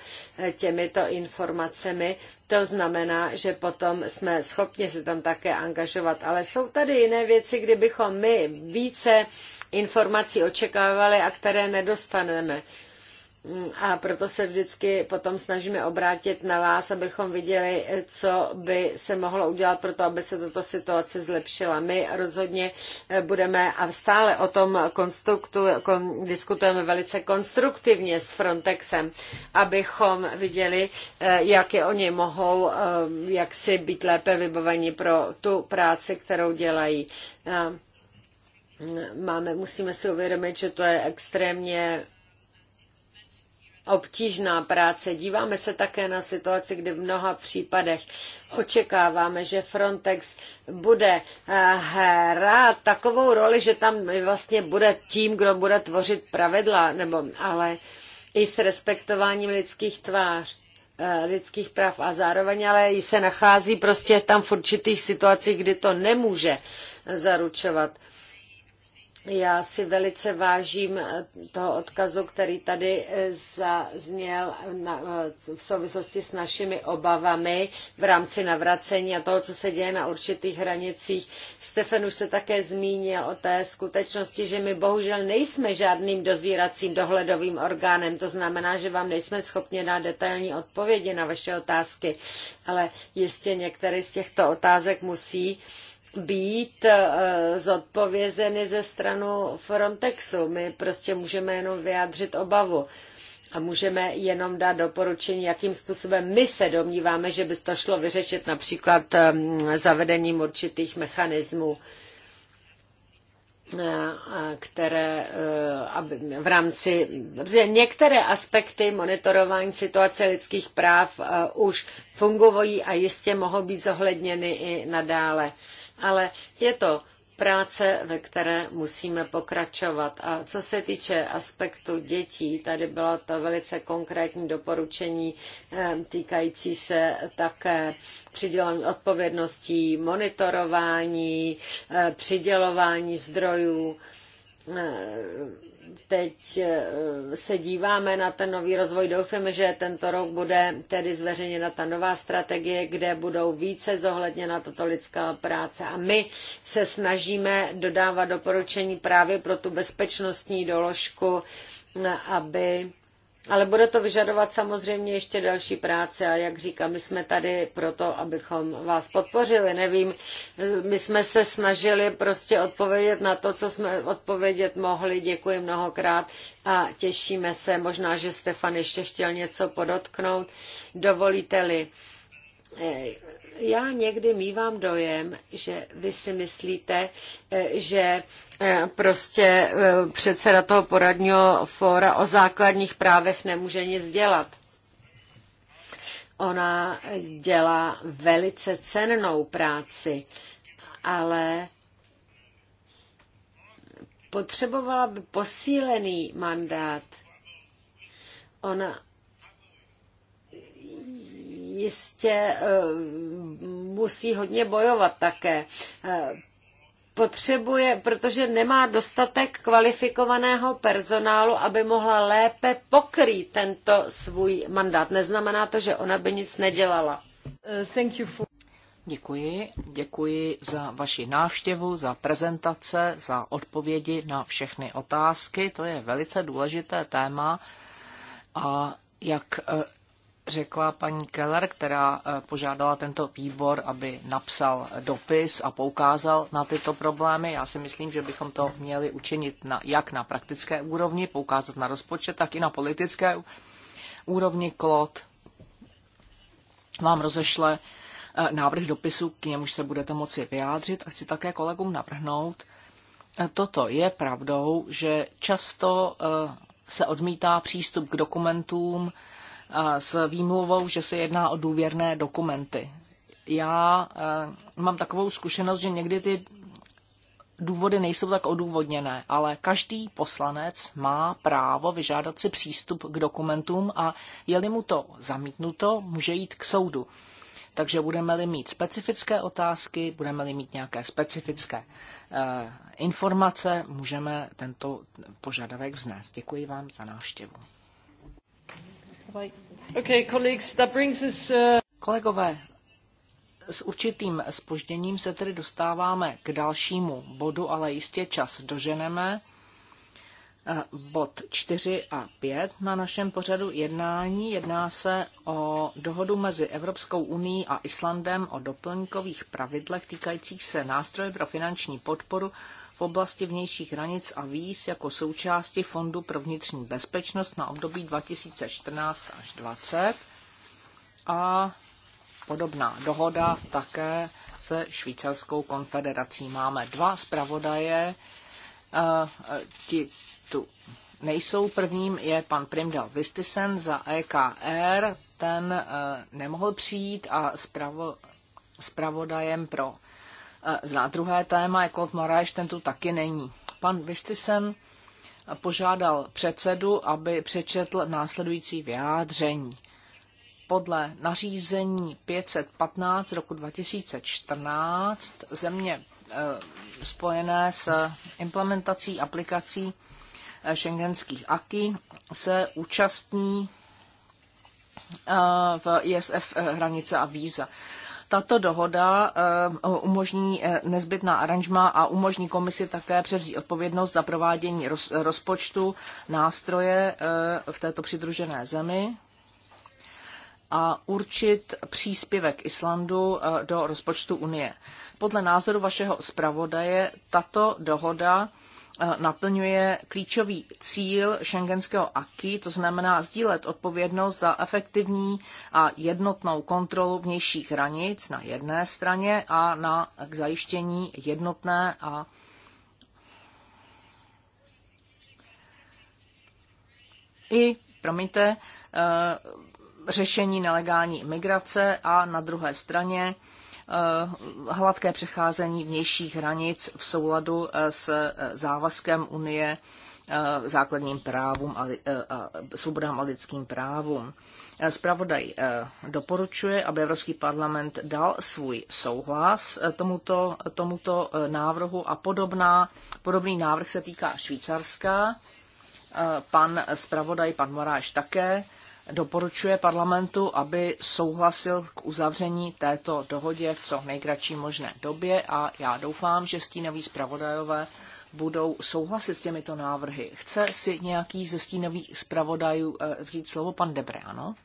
těmito informacemi. To znamená, že potom jsme schopni se tam také angažovat. Ale jsou tady jiné věci, kdybychom my více informací očekávali a které nedostaneme a proto se vždycky potom snažíme obrátit na vás, abychom viděli, co by se mohlo udělat pro to, aby se tato situace zlepšila. My rozhodně eh, budeme a stále o tom kon, diskutujeme velice konstruktivně s Frontexem, abychom viděli, eh, jak je oni mohou eh, jak si být lépe vybaveni pro tu práci, kterou dělají. Mm, máme, musíme si uvědomit, že to je extrémně obtížná práce. Díváme se také na situaci, kdy v mnoha případech očekáváme, že Frontex bude eh, hrát takovou roli, že tam vlastně bude tím, kdo bude tvořit pravidla, nebo, ale i s respektováním lidských tvář eh, lidských práv a zároveň ale se nachází prostě tam v určitých situacích, kdy to nemůže zaručovat. Já si velice vážím eh, toho odkazu, který tady eh, zazněl eh, v souvislosti s našimi obavami v rámci navracení a toho, co se děje na určitých hranicích. Stefan už se také zmínil o té skutečnosti, že my bohužel nejsme žádným dozíracím dohledovým orgánem. To znamená, že vám nejsme schopni dát detailní odpovědi na vaše otázky, ale jistě některé z těchto otázek musí být eh, zodpovězeny ze stranu Frontexu. My prostě můžeme jenom vyjádřit obavu a můžeme jenom dát doporučení, jakým způsobem my se domníváme, že by to šlo vyřešit například ehm, zavedením určitých mechanismů eh, které eh, aby v rámci, protože některé aspekty monitorování situace lidských práv už fungují a jistě mohou být zohledněny i nadále. Ale je to práce, ve které musíme pokračovat. A co se týče aspektu dětí, tady bylo to velice konkrétní doporučení eh, týkající se také přidělení odpovědností, monitorování, eh, přidělování zdrojů eh, teď eh, se díváme na ten nový rozvoj. Doufáme, že tento rok bude tedy zveřejněna ta nová strategie, kde budou více zohledněna tato lidská práce. A my se snažíme dodávat doporučení právě pro tu bezpečnostní doložku, eh, aby ale bude to vyžadovat samozřejmě ještě další práce a jak říkám, my jsme tady proto, abychom vás podpořili. Nevím, my jsme se snažili prostě odpovědět na to, co jsme odpovědět mohli. Děkuji mnohokrát a těšíme se. Možná, že Stefan ještě chtěl něco podotknout. Dovolíte-li já někdy mývám dojem, že vy si myslíte, eh, že eh, prostě eh, předseda toho poradního fóra o základních právech nemůže nic dělat. Ona dělá velice cennou práci, ale potřebovala by posílený mandát. Ona jistě e, musí hodně bojovat také. E, potřebuje, protože nemá dostatek kvalifikovaného personálu, aby mohla lépe pokrýt tento svůj mandát. Neznamená to, že ona by nic nedělala. E, děkuji, děkuji za vaši návštěvu, za prezentace, za odpovědi na všechny otázky. To je velice důležité téma a jak řekla paní Keller, která eh, požádala tento výbor, aby napsal dopis a poukázal na tyto problémy. Já si myslím, že bychom to měli učinit na, jak na praktické úrovni, poukázat na rozpočet, tak i na politické úrovni. Klot vám rozešle eh, návrh dopisu, k němuž se budete moci vyjádřit a chci také kolegům navrhnout. Eh, toto je pravdou, že často se odmítá přístup k dokumentům, s výmluvou, že se jedná o důvěrné dokumenty. Já eh, mám takovou zkušenost, že někdy ty důvody nejsou tak odůvodněné, ale každý poslanec má právo vyžádat si přístup k dokumentům a je-li mu to zamítnuto, může jít k soudu. Takže budeme-li mít specifické otázky, budeme-li mít nějaké specifické eh, informace, můžeme tento požadavek vznést. Děkuji vám za návštěvu. Uh, Kolegové, s určitým spožděním se tedy dostáváme k dalšímu bodu, ale jistě čas doženeme. Eh, bod 4 a 5 na našem pořadu jednání jedná se o dohodu mezi Evropskou unii a Islandem o doplňkových pravidlech týkajících se nástroje pro finanční podporu v oblasti vnějších hranic a víz jako součásti Fondu pro vnitřní bezpečnost na období 2014 až 2020 a podobná dohoda také se Švýcarskou konfederací. Máme dva zpravodaje, eh, ti tu nejsou. Prvním je pan Primdal Vistisen za EKR, ten eh, nemohl přijít a zpravo, zpravodajem pro zná druhé téma, jako od Marajš, ten tu taky není. Pan Vistisen požádal předsedu, aby přečetl následující vyjádření. Podle nařízení 515 roku 2014 země eh, spojené s implementací aplikací eh, šengenských aky se účastní eh, v ISF hranice a víza. Tato dohoda eh, umožní eh, nezbytná aranžma a umožní komisi také převzít odpovědnost za provádění rozpočtu nástroje eh, v této přidružené zemi a určit příspěvek Islandu do rozpočtu Unie. Podle názoru vašeho zpravodaje tato dohoda Eh, naplňuje klíčový cíl šengenského AKI, to znamená sdílet odpovědnost za efektivní a jednotnou kontrolu vnějších hranic na jedné straně a na k zajištění jednotné a i, promiňte, eh, řešení nelegální migrace a na druhé straně Eh, hladké přecházení vnějších hranic v souladu eh, s eh, závazkem Unie základním právům a, svobodám a lidským právům. Spravodaj doporučuje, aby Evropský parlament dal svůj souhlas tomuto, tomuto návrhu a podobná, podobný návrh se týká Švýcarska. Pan spravodaj, pan Moráš také doporučuje parlamentu, aby souhlasil k uzavření této dohodě v co nejkratší možné době a já doufám, že stínoví zpravodajové budou souhlasit s těmito návrhy. Chce si nějaký ze stínových zpravodajů eh, vzít slovo pan Debre, ano?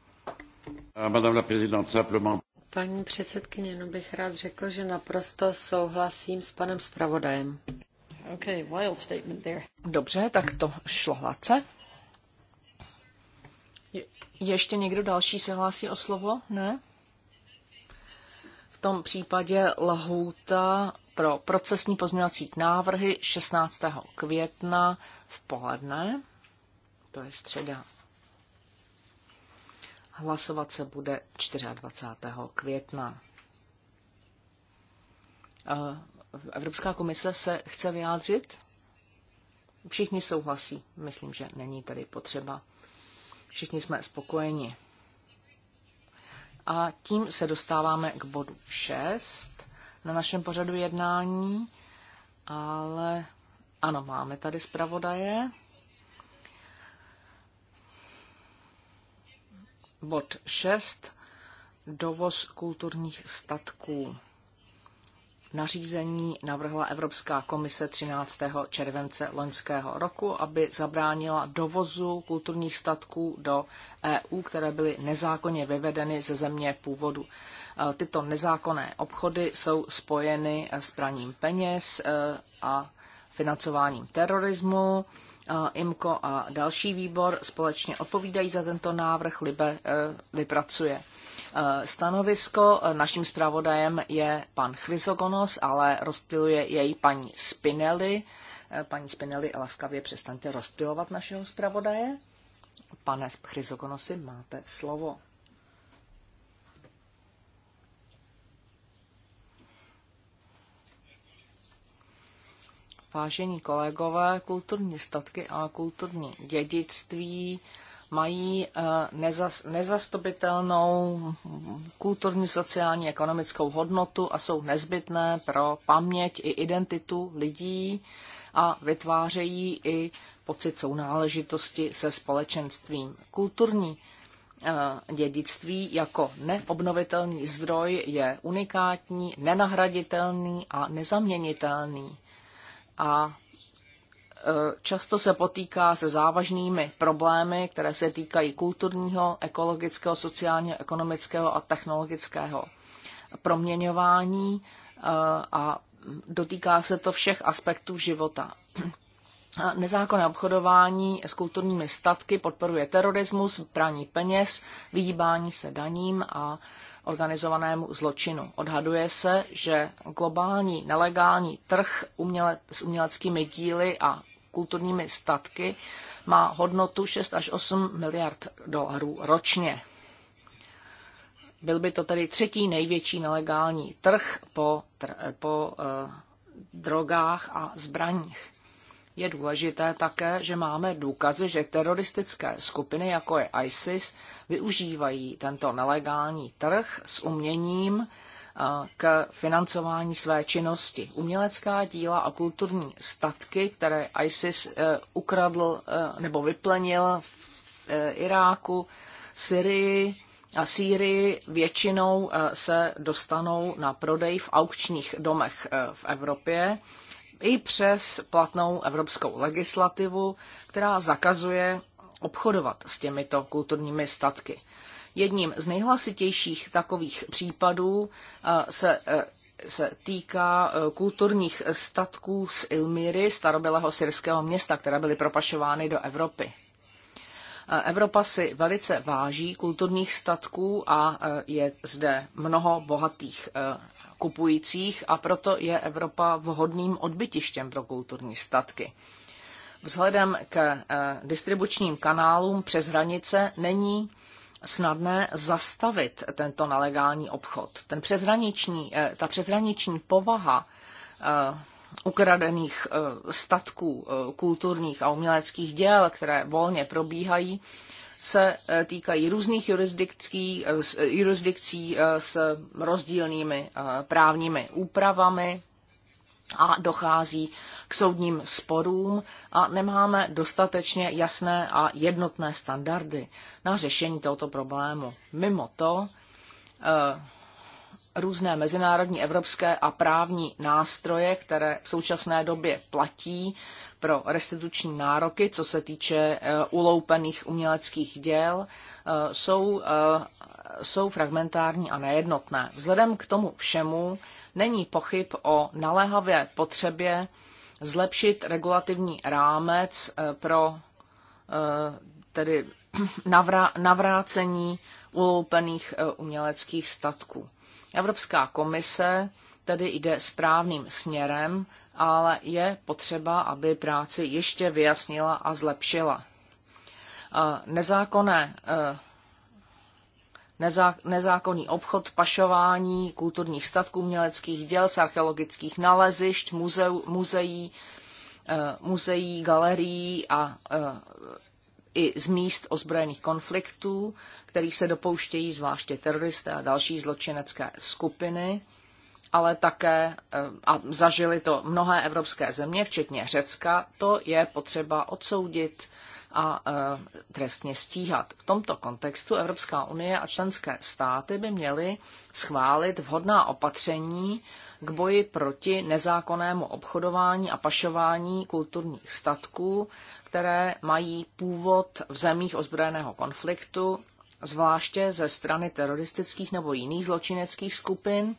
Eh, Paní předsedkyně, no bych rád řekl, že naprosto souhlasím s panem zpravodajem. Okay, wild statement there. Dobře, tak to šlo hladce. Je, ještě někdo další se hlásí o slovo? Ne? V tom případě lahůta pro procesní pozměňovací návrhy 16. května v poledne, to je středa. Hlasovat se bude 24. května. Evropská komise se chce vyjádřit? Všichni souhlasí. Myslím, že není tady potřeba Všichni jsme spokojeni. A tím se dostáváme k bodu 6 na našem pořadu jednání, ale ano, máme tady zpravodaje. Bod 6. Dovoz kulturních statků nařízení navrhla Evropská komise 13. července loňského roku, aby zabránila dovozu kulturních statků do EU, které byly nezákonně vyvedeny ze země původu. E, tyto nezákonné obchody jsou spojeny s praním peněz e, a financováním terorismu. E, IMCO a další výbor společně odpovídají za tento návrh, LIBE vypracuje Eh, stanovisko. Eh, naším zpravodajem je pan Chrysogonos, ale rozptiluje jej paní Spinelli. Eh, paní Spinelli, laskavě přestaňte rozptilovat našeho zpravodaje. Pane Chrysogonosi, máte slovo. Vážení kolegové, kulturní statky a kulturní dědictví mají eh, nezas, nezastupitelnou kulturní, sociální, ekonomickou hodnotu a jsou nezbytné pro paměť i identitu lidí a vytvářejí i pocit sounáležitosti se společenstvím. Kulturní eh, dědictví jako neobnovitelný zdroj je unikátní, nenahraditelný a nezaměnitelný. A Eh, často se potýká se závažnými problémy, které se týkají kulturního, ekologického, sociálního, ekonomického a technologického proměňování eh, a dotýká se to všech aspektů života. Nezákonné obchodování s kulturními statky podporuje terorismus, praní peněz, vyhýbání se daním a organizovanému zločinu. Odhaduje se, že globální nelegální trh uměle, s uměleckými díly a kulturními statky má hodnotu 6 až 8 miliard dolarů ročně. Byl by to tedy třetí největší nelegální trh po, tr- po eh, drogách a zbraních. Je důležité také, že máme důkazy, že teroristické skupiny, jako je ISIS, využívají tento nelegální trh s uměním, k financování své činnosti. Umělecká díla a kulturní statky, které ISIS e, ukradl e, nebo vyplenil v e, Iráku, Syrii a Sýrii, většinou se dostanou na prodej v aukčních domech v Evropě i přes platnou evropskou legislativu, která zakazuje obchodovat s těmito kulturními statky. Jedním z nejhlasitějších takových případů eh, se eh, se týká eh, kulturních statků z Ilmíry, starobylého syrského města, které byly propašovány do Evropy. Evropa si velice váží kulturních statků a je zde mnoho bohatých kupujících a proto je Evropa vhodným odbytištěm pro kulturní statky. Vzhledem k distribučním kanálům přes hranice není snadné zastavit tento nelegální obchod. Ten přezraniční, eh, ta přezraniční povaha eh, ukradených eh, statků kulturních a uměleckých děl, které volně probíhají, se týkají různých jurisdikcí, jurisdikcí s rozdílnými právními úpravami a dochází k soudním sporům a nemáme dostatečně jasné a jednotné standardy na řešení tohoto problému. Mimo to, eh, různé mezinárodní evropské a právní nástroje, které v současné době platí pro restituční nároky, co se týče eh, uloupených uměleckých děl, eh, jsou jsou fragmentární a nejednotné. Vzhledem k tomu všemu není pochyb o naléhavé potřebě zlepšit regulativní rámec eh, pro eh, tedy navrá, navrácení uloupených eh, uměleckých statků. Evropská komise tedy jde správným směrem, ale je potřeba, aby práci ještě vyjasnila a zlepšila. Nezákonné nezákonný obchod, pašování kulturních statků, měleckých děl, z archeologických nalezišť, muzeu, muzeí, eh, muzeí, galerií a eh, i z míst ozbrojených konfliktů, kterých se dopouštějí zvláště teroristé a další zločinecké skupiny, ale také, eh, a zažili to mnohé evropské země, včetně Řecka, to je potřeba odsoudit a e, trestně stíhat. V tomto kontextu Evropská unie a členské státy by měly schválit vhodná opatření k boji proti nezákonnému obchodování a pašování kulturních statků, které mají původ v zemích ozbrojeného konfliktu, zvláště ze strany teroristických nebo jiných zločineckých skupin,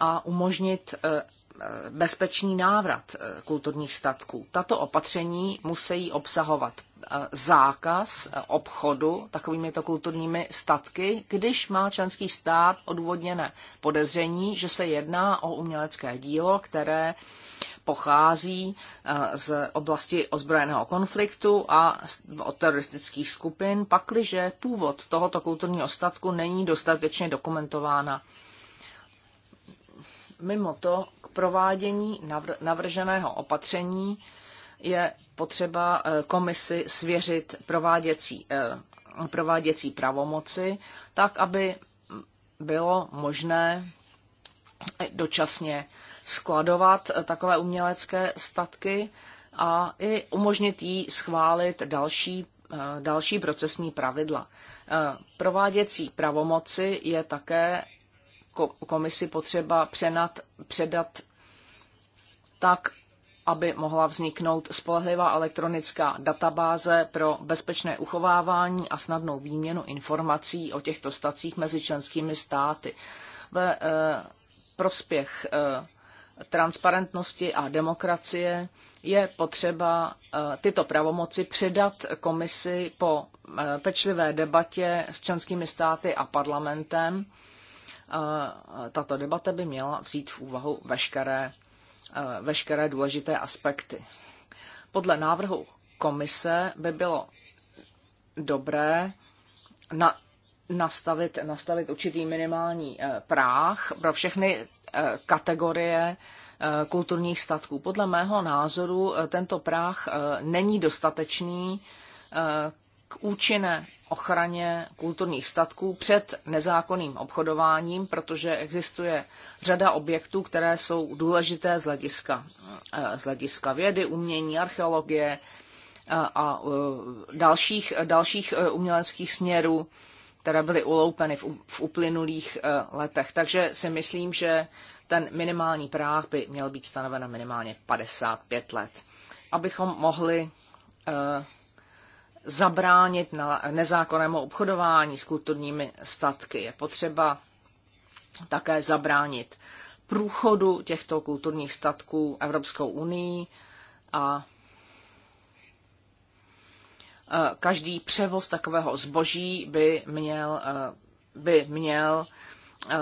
a umožnit e, Eh, bezpečný návrat eh, kulturních statků. Tato opatření musí obsahovat eh, zákaz obchodu takovými to kulturními statky, když má členský stát odvodněné podezření, že se jedná o umělecké dílo, které pochází z oblasti ozbrojeného konfliktu a od teroristických skupin, pakliže původ tohoto kulturního statku není dostatečně dokumentována Mimo to k provádění navrženého opatření je potřeba eh, komisi svěřit prováděcí, eh, prováděcí pravomoci, tak aby bylo možné dočasně skladovat takové umělecké statky a i umožnit jí schválit další, eh, další procesní pravidla. Prováděcí pravomoci je také komisi potřeba přenat, předat tak, aby mohla vzniknout spolehlivá elektronická databáze pro bezpečné uchovávání a snadnou výměnu informací o těchto stacích mezi členskými státy. Ve eh, prospěch eh, transparentnosti a demokracie je potřeba eh, tyto pravomoci předat komisi po pečlivé debatě s členskými státy a parlamentem Eh, tato debata by měla vzít v úvahu veškeré, eh, veškeré důležité aspekty. Podle návrhu komise by bylo dobré na, nastavit, nastavit určitý minimální eh, práh pro všechny kategorie kulturních statků. Podle mého názoru tento práh není dostatečný k účinné ochraně kulturních statků před nezákonným obchodováním, protože existuje řada objektů, které jsou důležité z hlediska, eh, z hlediska vědy, umění, archeologie eh, a eh, dalších, dalších uměleckých směrů, které byly uloupeny v uplynulých letech. Takže si myslím, že ten minimální práh by měl být stanoven na minimálně 55 let, abychom mohli zabránit na nezákonnému obchodování s kulturními statky. Je potřeba také zabránit průchodu těchto kulturních statků Evropskou unii a e, každý převoz takového zboží by měl, e, by měl e,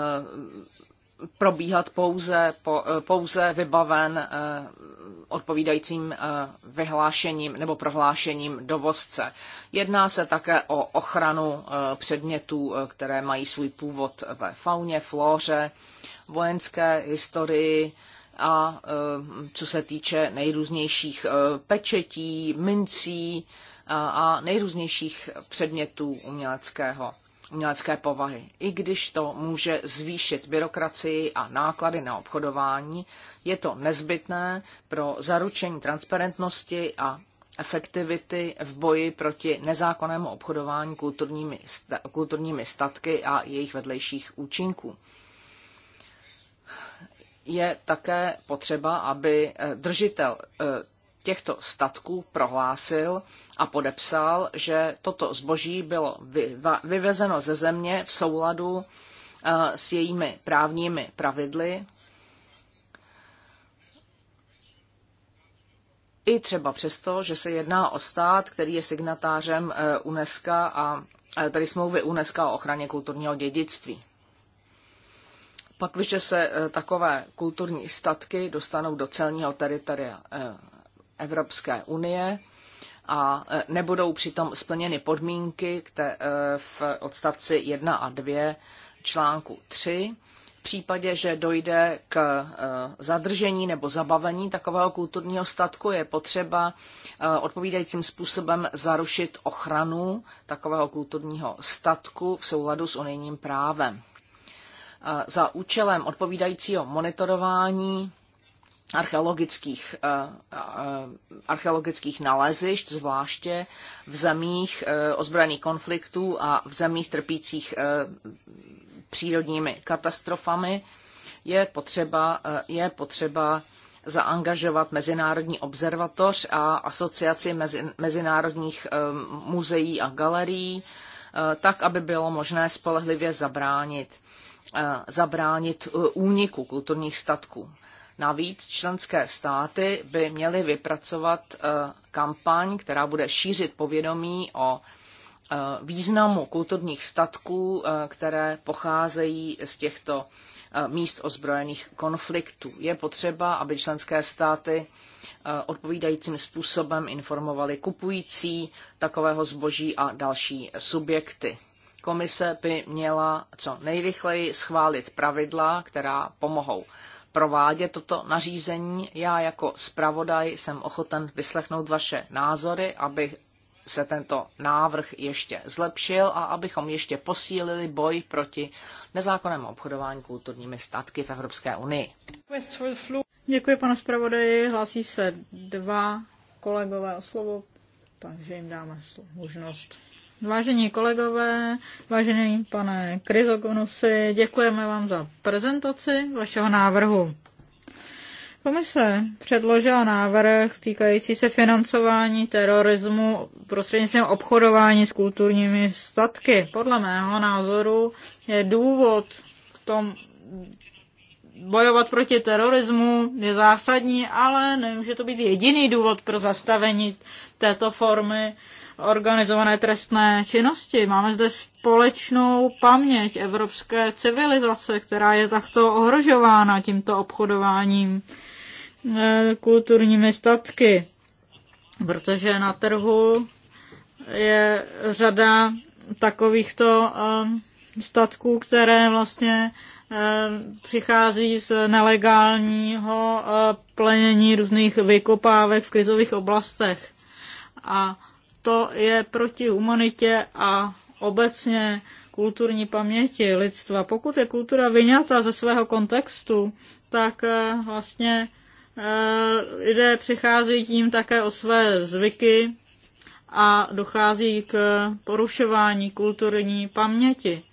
probíhat pouze, pouze vybaven odpovídajícím eh, vyhlášením nebo prohlášením dovozce. Jedná se také o ochranu eh, předmětů, eh, které mají svůj původ ve fauně, flóře, vojenské historii a co se týče nejrůznějších pečetí, mincí a nejrůznějších předmětů uměleckého umělecké povahy. I když to může zvýšit byrokracii a náklady na obchodování, je to nezbytné pro zaručení transparentnosti a efektivity v boji proti nezákonnému obchodování kulturními, kulturními statky a jejich vedlejších účinků. Je také potřeba, aby eh, držitel eh, těchto statků prohlásil a podepsal, že toto zboží bylo vyvezeno ze země v souladu uh, s jejími právními pravidly, i třeba přesto, že se jedná o stát, který je signatářem uh, UNESCO a uh, tady smlouvy UNESCO o ochraně kulturního dědictví. Pakliže se takové kulturní statky dostanou do celního teritoria Evropské unie a e, nebudou přitom splněny podmínky e, v odstavci 1 a 2 článku 3. V případě, že dojde k e, zadržení nebo zabavení takového kulturního statku, je potřeba odpovídajícím způsobem zarušit ochranu takového kulturního statku v souladu s unijním právem. Za účelem odpovídajícího monitorování archeologických, eh, eh, archeologických nalezišť, zvláště v zemích eh, ozbrojených konfliktů a v zemích trpících přírodními katastrofami, je potřeba, je potřeba zaangažovat Mezinárodní observatoř a asociaci mezinárodních muzeí a galerií, tak, aby bylo možné spolehlivě zabránit, zabránit úniku kulturních statků. Navíc členské státy by měly vypracovat eh, kampaň, která bude šířit povědomí o eh, významu kulturních statků, eh, které pocházejí z těchto míst ozbrojených konfliktů. Je potřeba, aby členské státy odpovídajícím způsobem informovali kupující takového zboží a další subjekty. Komise by měla co nejrychleji schválit pravidla, která pomohou provádět toto nařízení. Já jako zpravodaj jsem ochoten vyslechnout vaše názory, aby se tento návrh ještě zlepšil a abychom ještě posílili boj proti nezákonnému obchodování kulturními statky v Evropské unii. Děkuji, pane zpravodaji. Hlásí se dva kolegové o slovo, takže jim dáme možnost. Vážení kolegové, vážený pane Kryzogonusy, děkujeme vám za prezentaci vašeho návrhu. Komise předložila návrh týkající se financování terorismu prostřednictvím obchodování s kulturními statky. Podle mého názoru je důvod k tomu bojovat proti terorismu je zásadní, ale nemůže to být jediný důvod pro zastavení této formy organizované trestné činnosti. Máme zde společnou paměť evropské civilizace, která je takto ohrožována tímto obchodováním e, kulturními statky, protože na trhu je řada takovýchto e, statků, které vlastně e, přichází z nelegálního plenění různých vykopávek v krizových oblastech. A to je proti humanitě a obecně kulturní paměti lidstva. Pokud je kultura vyňata ze svého kontextu, tak eh, vlastně eh, lidé přicházejí tím také o své zvyky a dochází k porušování kulturní paměti.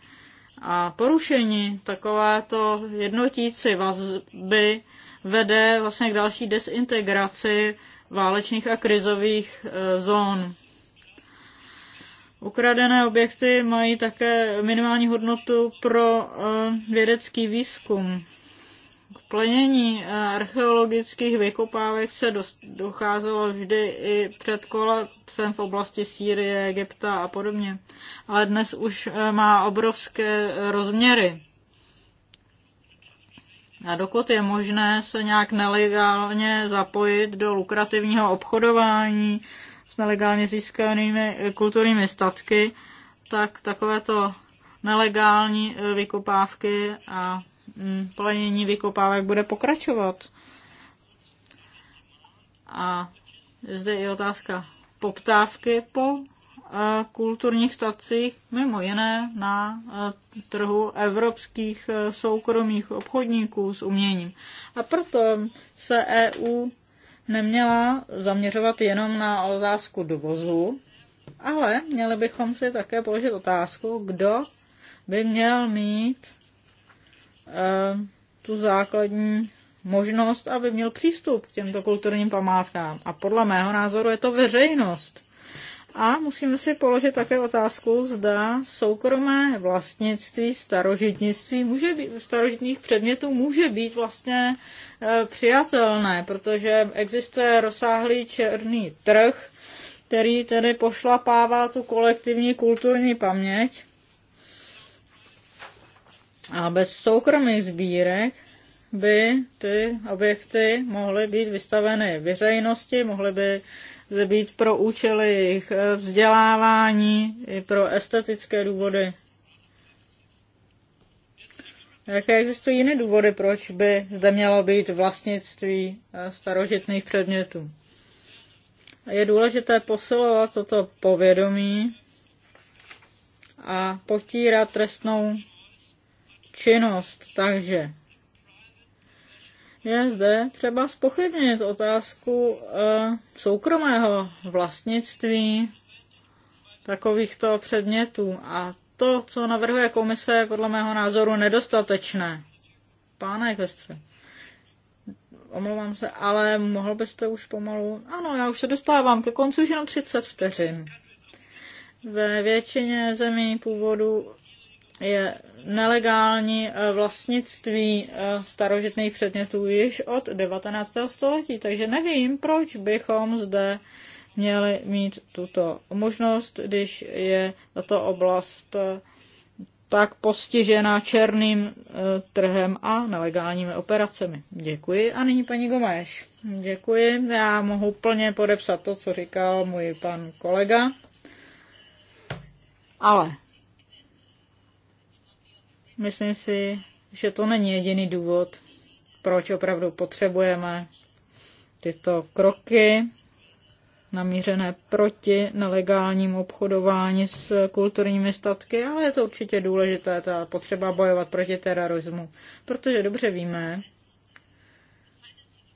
A porušení takovéto jednotící vazby vede vlastně k další desintegraci válečných a krizových eh, zón. Ukradené objekty mají také minimální hodnotu pro eh, vědecký výzkum. K plnění eh, archeologických vykopávek se docházelo vždy i před kolapsem v oblasti Sýrie, Egypta a podobně. Ale dnes už eh, má obrovské rozměry. A dokud je možné se nějak nelegálně zapojit do lukrativního obchodování nelegálně získanými eh, kulturními statky, tak takovéto nelegální eh, vykopávky a mm, plenění vykopávek bude pokračovat. A je zde i otázka poptávky po eh, kulturních stacích, mimo jiné na trhu evropských soukromých obchodníků s uměním. A proto se EU neměla zaměřovat jenom na otázku dovozu, ale měli bychom si také položit otázku, kdo by měl mít e, tu základní možnost, aby měl přístup k těmto kulturním památkám. A podle mého názoru je to veřejnost. A musíme si položit také otázku, zda soukromé vlastnictví starožitnictví může být, starožitných předmětů může být vlastně e, přijatelné, protože existuje rozsáhlý černý trh, který tedy pošlapává tu kolektivní kulturní paměť. A bez soukromých sbírek by ty objekty mohly být vystaveny veřejnosti, mohly by být pro účely jejich eh, vzdělávání i pro estetické důvody. Jaké existují jiné důvody, proč by zde mělo být vlastnictví eh, starožitných předmětů? Je důležité posilovat toto povědomí a potírat trestnou činnost, takže je zde třeba spochybnit otázku e, soukromého vlastnictví takovýchto předmětů. A to, co navrhuje komise, je podle mého názoru nedostatečné. Páne Kestře, omlouvám se, ale mohl byste už pomalu... Ano, já už se dostávám ke konci, už jenom 30 vteřin. Ve většině zemí původu je nelegální eh, vlastnictví eh, starožitných předmětů již od 19. století, takže nevím, proč bychom zde měli mít tuto možnost, když je tato oblast eh, tak postižená černým trhem a nelegálními operacemi. Děkuji. A nyní paní Gomeš. Děkuji. Já mohu plně podepsat to, co říkal můj pan kolega. Ale Myslím si, že to není jediný důvod, proč opravdu potřebujeme tyto kroky namířené proti nelegálním obchodování s kulturními statky, ale je to určitě důležité, ta potřeba bojovat proti terorismu, protože dobře víme,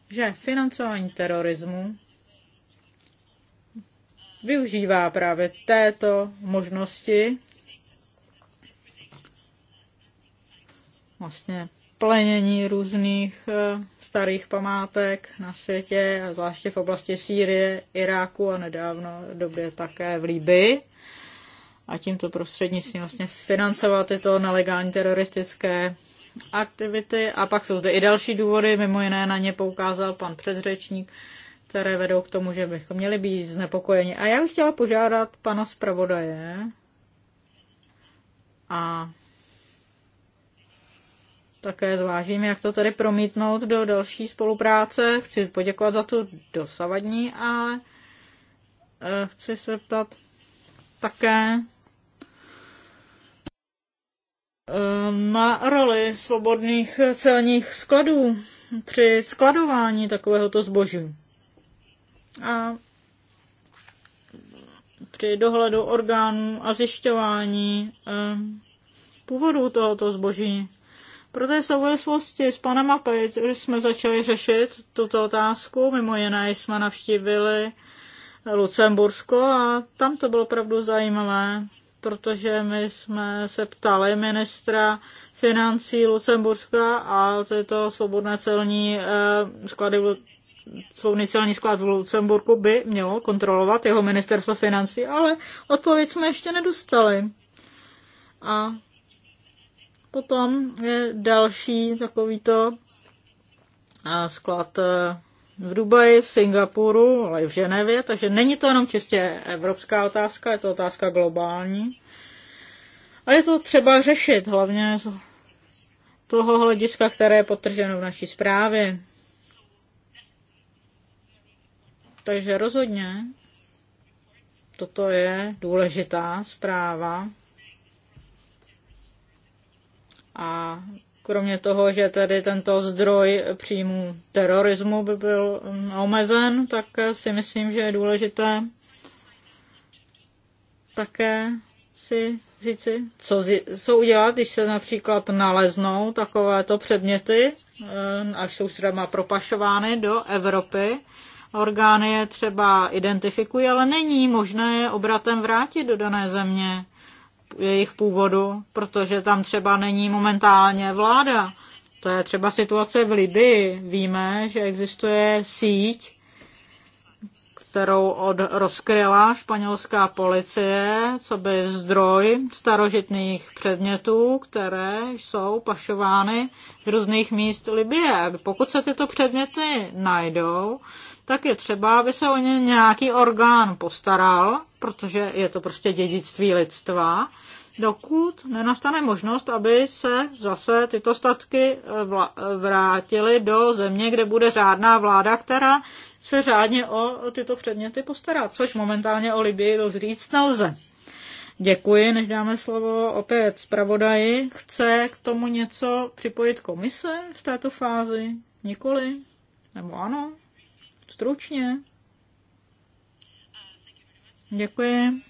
že financování terorismu využívá právě této možnosti vlastně plenění různých eh, starých památek na světě, a zvláště v oblasti Sýrie, Iráku a nedávno době také v Libii. A tímto prostřednictvím vlastně financovat tyto nelegální teroristické aktivity. A pak jsou zde i další důvody, mimo jiné na ně poukázal pan předřečník, které vedou k tomu, že bychom měli být znepokojeni. A já bych chtěla požádat pana zpravodaje a také zvážím, jak to tedy promítnout do další spolupráce. Chci poděkovat za tu dosavadní a eh, chci se ptat také eh, na roli svobodných celních skladů při skladování takovéhoto zboží. A při dohledu orgánů a zjišťování eh, původu tohoto zboží proto v souvislosti s panem Apej jsme začali řešit tuto otázku. Mimo jiné jsme navštívili Lucembursko a tam to bylo opravdu zajímavé, protože my jsme se ptali ministra financí Lucemburska a to svobodné celní eh, sklady svobodný celní sklad v Lucemburku by mělo kontrolovat jeho ministerstvo financí, ale odpověď jsme ještě nedostali. A Potom je další takovýto eh, sklad eh, v Dubaji, v Singapuru, ale i v Ženevě, takže není to jenom čistě evropská otázka, je to otázka globální. A je to třeba řešit, hlavně z toho hlediska, které je potrženo v naší zprávě. Takže rozhodně toto je důležitá zpráva, a kromě toho, že tedy tento zdroj příjmu terorismu by byl mm, omezen, tak si myslím, že je důležité také si říci, co, zi, co udělat, když se například naleznou takovéto předměty, eh, až jsou třeba propašovány do Evropy. Orgány je třeba identifikují, ale není možné je obratem vrátit do dané země jejich původu, protože tam třeba není momentálně vláda. To je třeba situace v Libii. Víme, že existuje síť, kterou od, rozkryla španělská policie, co by zdroj starožitných předmětů, které jsou pašovány z různých míst Libie. Pokud se tyto předměty najdou, tak je třeba, aby se o ně nějaký orgán postaral, protože je to prostě dědictví lidstva, dokud nenastane možnost, aby se zase tyto statky eh, eh, vrátily do země, kde bude řádná vláda, která se řádně o tyto předměty postará, což momentálně o Libii říct nelze. Děkuji, než dáme slovo opět zpravodaji. Chce k tomu něco připojit komise v této fázi? Nikoli? Nebo ano? Stručně. Děkuji.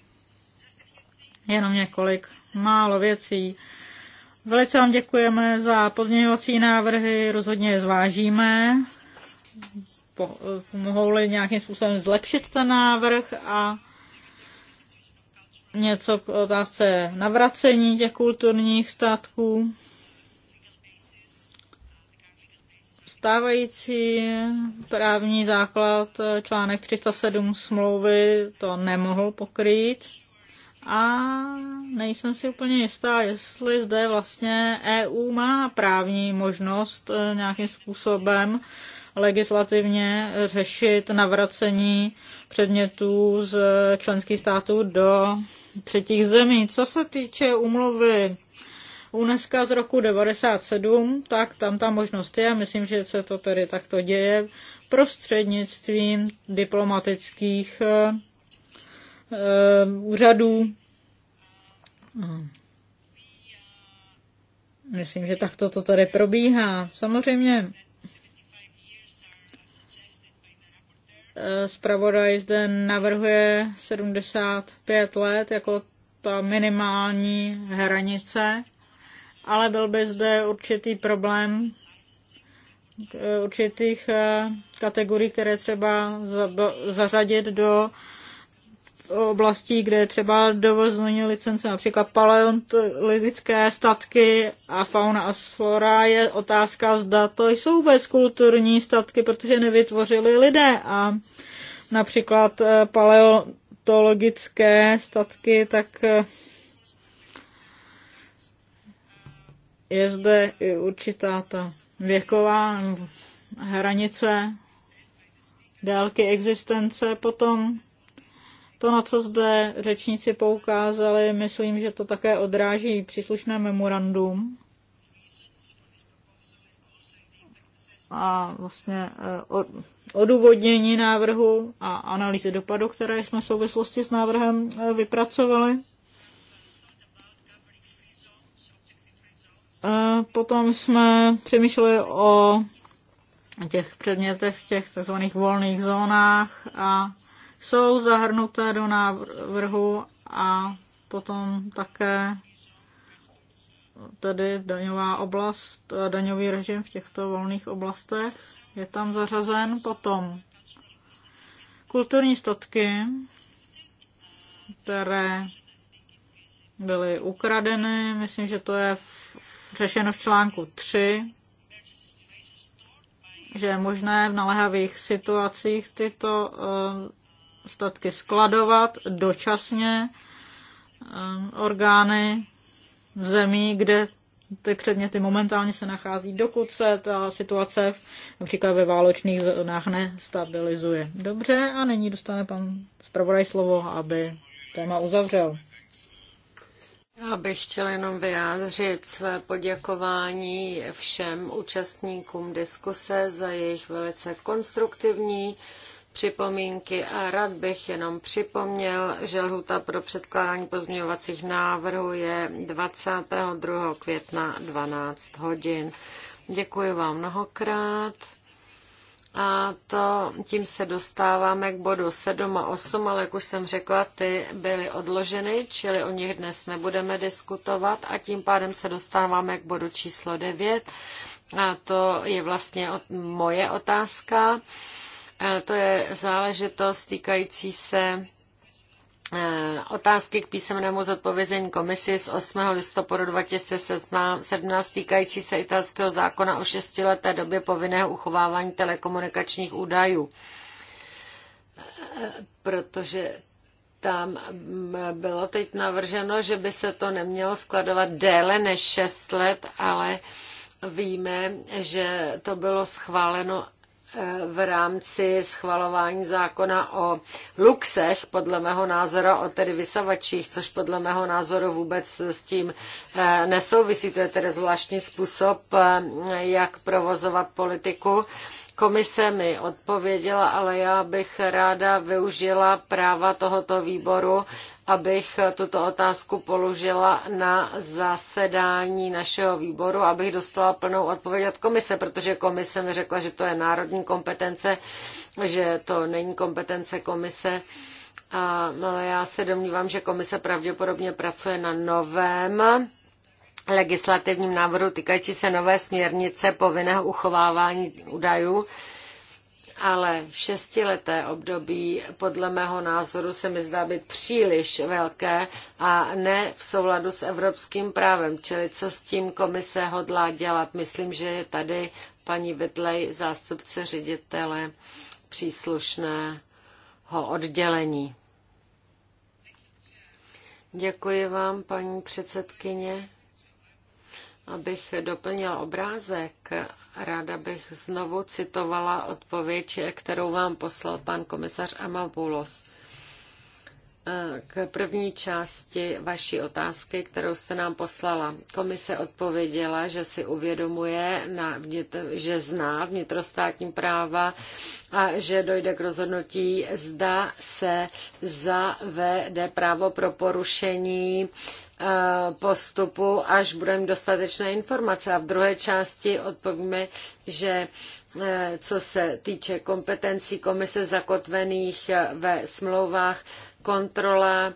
Jenom několik málo věcí. Velice vám děkujeme za pozměňovací návrhy, rozhodně je zvážíme. Eh, mohou-li nějakým způsobem zlepšit ten návrh a něco k otázce navracení těch kulturních statků. Stávající právní základ článek 307 smlouvy to nemohl pokrýt a nejsem si úplně jistá, jestli zde vlastně EU má právní možnost eh, nějakým způsobem legislativně řešit navracení předmětů z členských států do třetích zemí. Co se týče umluvy UNESCO z roku 97, tak tam ta možnost je. Myslím, že se to tedy takto děje prostřednictvím diplomatických eh, eh, úřadů. Myslím, že takto to tady probíhá. Samozřejmě eh, zpravodaj zde navrhuje 75 let jako ta minimální hranice ale byl by zde určitý problém eh, určitých eh, kategorií, které třeba zařadit do oblastí, kde je třeba dovozní licence, například paleontologické statky a fauna a flora, je otázka, zda to jsou vůbec kulturní statky, protože nevytvořili lidé a například eh, paleontologické statky, tak je zde i určitá ta věková hranice délky existence. Potom to, na co zde řečníci poukázali, myslím, že to také odráží příslušné memorandum. A vlastně eh, odůvodnění návrhu a analýzy dopadu, které jsme v souvislosti s návrhem eh, vypracovali. Potom jsme přemýšleli o těch předmětech, v těch tzv. volných zónách a jsou zahrnuté do návrhu a potom také tedy daňová oblast, daňový režim v těchto volných oblastech je tam zařazen. Potom kulturní statky, které byly ukradeny, myslím, že to je v řešeno v článku 3, že je možné v naléhavých situacích tyto eh, statky skladovat dočasně eh, orgány v zemí, kde ty předměty momentálně se nachází, dokud se ta situace například ve válečných zónách nestabilizuje. Dobře, a nyní dostane pan zpravodaj slovo, aby téma uzavřel. Já bych chtěla jenom vyjádřit své poděkování všem účastníkům diskuse za jejich velice konstruktivní připomínky a rád bych jenom připomněl, že lhuta pro předkládání pozměňovacích návrhů je 22. května 12 hodin. Děkuji vám mnohokrát. A to tím se dostáváme k bodu 7 a 8, ale jak už jsem řekla, ty byly odloženy, čili o nich dnes nebudeme diskutovat a tím pádem se dostáváme k bodu číslo 9. A to je vlastně moje otázka. E, to je záležitost týkající se Eh, otázky k písemnému zodpovězení komisi z 8. listopadu 2017 týkající se italského zákona o šestileté době povinného uchovávání telekomunikačních údajů. Eh, protože tam mm, bylo teď navrženo, že by se to nemělo skladovat déle než 6 let, ale víme, že to bylo schváleno v rámci schvalování zákona o luxech, podle mého názoru o tedy vysavačích, což podle mého názoru vůbec s tím eh, nesouvisí. To je tedy zvláštní způsob, eh, jak provozovat politiku. Komise mi odpověděla, ale já bych ráda využila práva tohoto výboru, abych tuto otázku položila na zasedání našeho výboru, abych dostala plnou odpověď od komise, protože komise mi řekla, že to je národní kompetence, že to není kompetence komise. A, no, ale já se domnívám, že komise pravděpodobně pracuje na novém legislativním návrhu týkající se nové směrnice povinného uchovávání údajů, ale šestileté období podle mého názoru se mi zdá být příliš velké a ne v souladu s evropským právem. Čili co s tím komise hodlá dělat? Myslím, že je tady paní Vedlej, zástupce ředitele příslušného oddělení. Děkuji vám, paní předsedkyně. Abych doplnil obrázek, ráda bych znovu citovala odpověď, kterou vám poslal pan komisař Amabulos eh, k první části vaší otázky, kterou jste nám poslala. Komise odpověděla, že si uvědomuje, na že zná vnitrostátní práva a že dojde k rozhodnutí, zda se zavede právo pro porušení Eh, postupu, až budeme dostatečné informace. A v druhé části odpovíme, že eh, co se týče kompetencí komise zakotvených eh, ve smlouvách, kontrola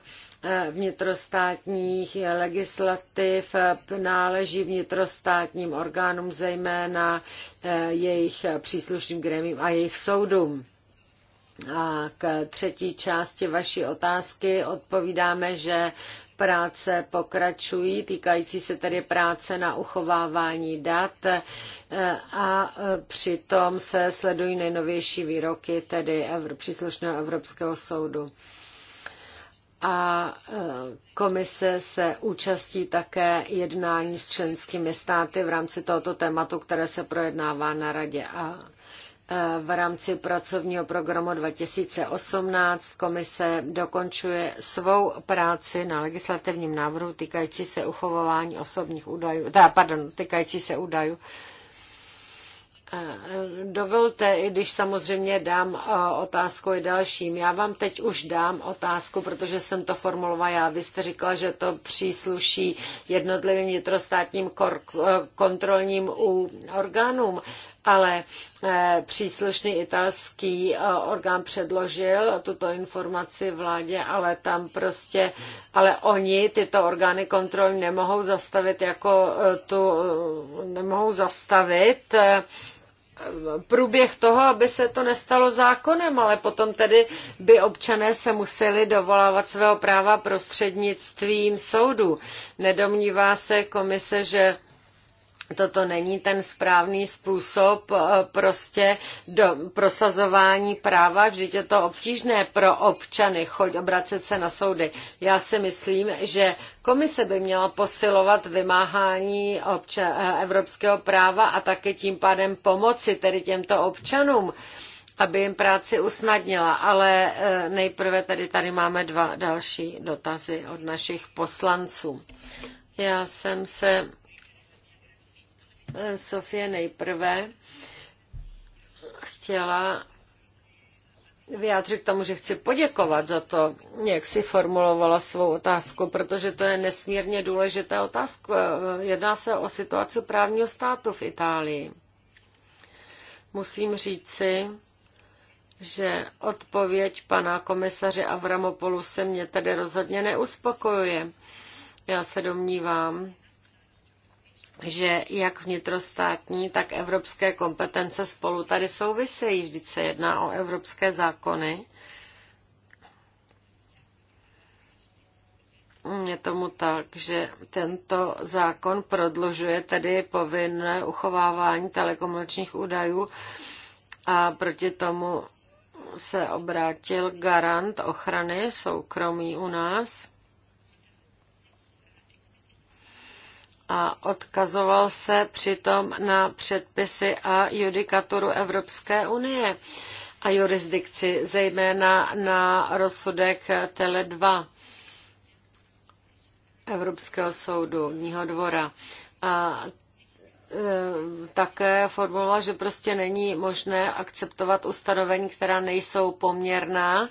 vnitrostátních legislativ náleží vnitrostátním orgánům, zejména jejich příslušným gremím a jejich soudům. A k třetí části vaší otázky odpovídáme, že práce pokračují, týkající se tedy práce na uchovávání dat eh, a eh, přitom se sledují nejnovější výroky tedy příslušného Evropského soudu a eh, komise se účastí také jednání s členskými státy v rámci tohoto tématu, které se projednává na radě. A Eh, v rámci pracovního programu 2018 komise dokončuje svou práci na legislativním návrhu týkající se uchovování osobních údajů, teda, pardon, týkající se údajů. Eh, dovolte, i když samozřejmě dám eh, otázku i dalším. Já vám teď už dám otázku, protože jsem to formulovala já. Vy jste říkala, že to přísluší jednotlivým vnitrostátním kontrolním orgánům ale eh, příslušný italský eh, orgán předložil tuto informaci vládě, ale tam prostě, ale oni tyto orgány kontrol nemohou zastavit jako eh, tu, nemohou zastavit průběh toho, aby se to nestalo zákonem, ale potom tedy by občané se museli dovolávat svého práva prostřednictvím soudu. Nedomnívá se komise, že toto není ten správný způsob eh, prostě do prosazování práva. Vždyť je to obtížné pro občany, choď obracet se na soudy. Já si myslím, že komise by měla posilovat vymáhání obča- eh, evropského práva a také tím pádem pomoci tedy těmto občanům aby jim práci usnadnila. Ale eh, nejprve tady, tady máme dva další dotazy od našich poslanců. Já jsem se Sofie nejprve chtěla vyjádřit k tomu, že chci poděkovat za to, jak si formulovala svou otázku, protože to je nesmírně důležitá otázka. Jedná se o situaci právního státu v Itálii. Musím říci, že odpověď pana komisaře Avramopolu se mě tedy rozhodně neuspokojuje. Já se domnívám, že jak vnitrostátní, tak evropské kompetence spolu tady souvisejí. Vždyť se jedná o evropské zákony. Je tomu tak, že tento zákon prodlužuje tedy povinné uchovávání telekomunikačních údajů a proti tomu se obrátil garant ochrany soukromí u nás a odkazoval se přitom na předpisy a judikaturu Evropské unie a jurisdikci, zejména na rozsudek Tele 2 Evropského soudu,Ního dvora. A e, také formuloval, že prostě není možné akceptovat ustanovení, která nejsou poměrná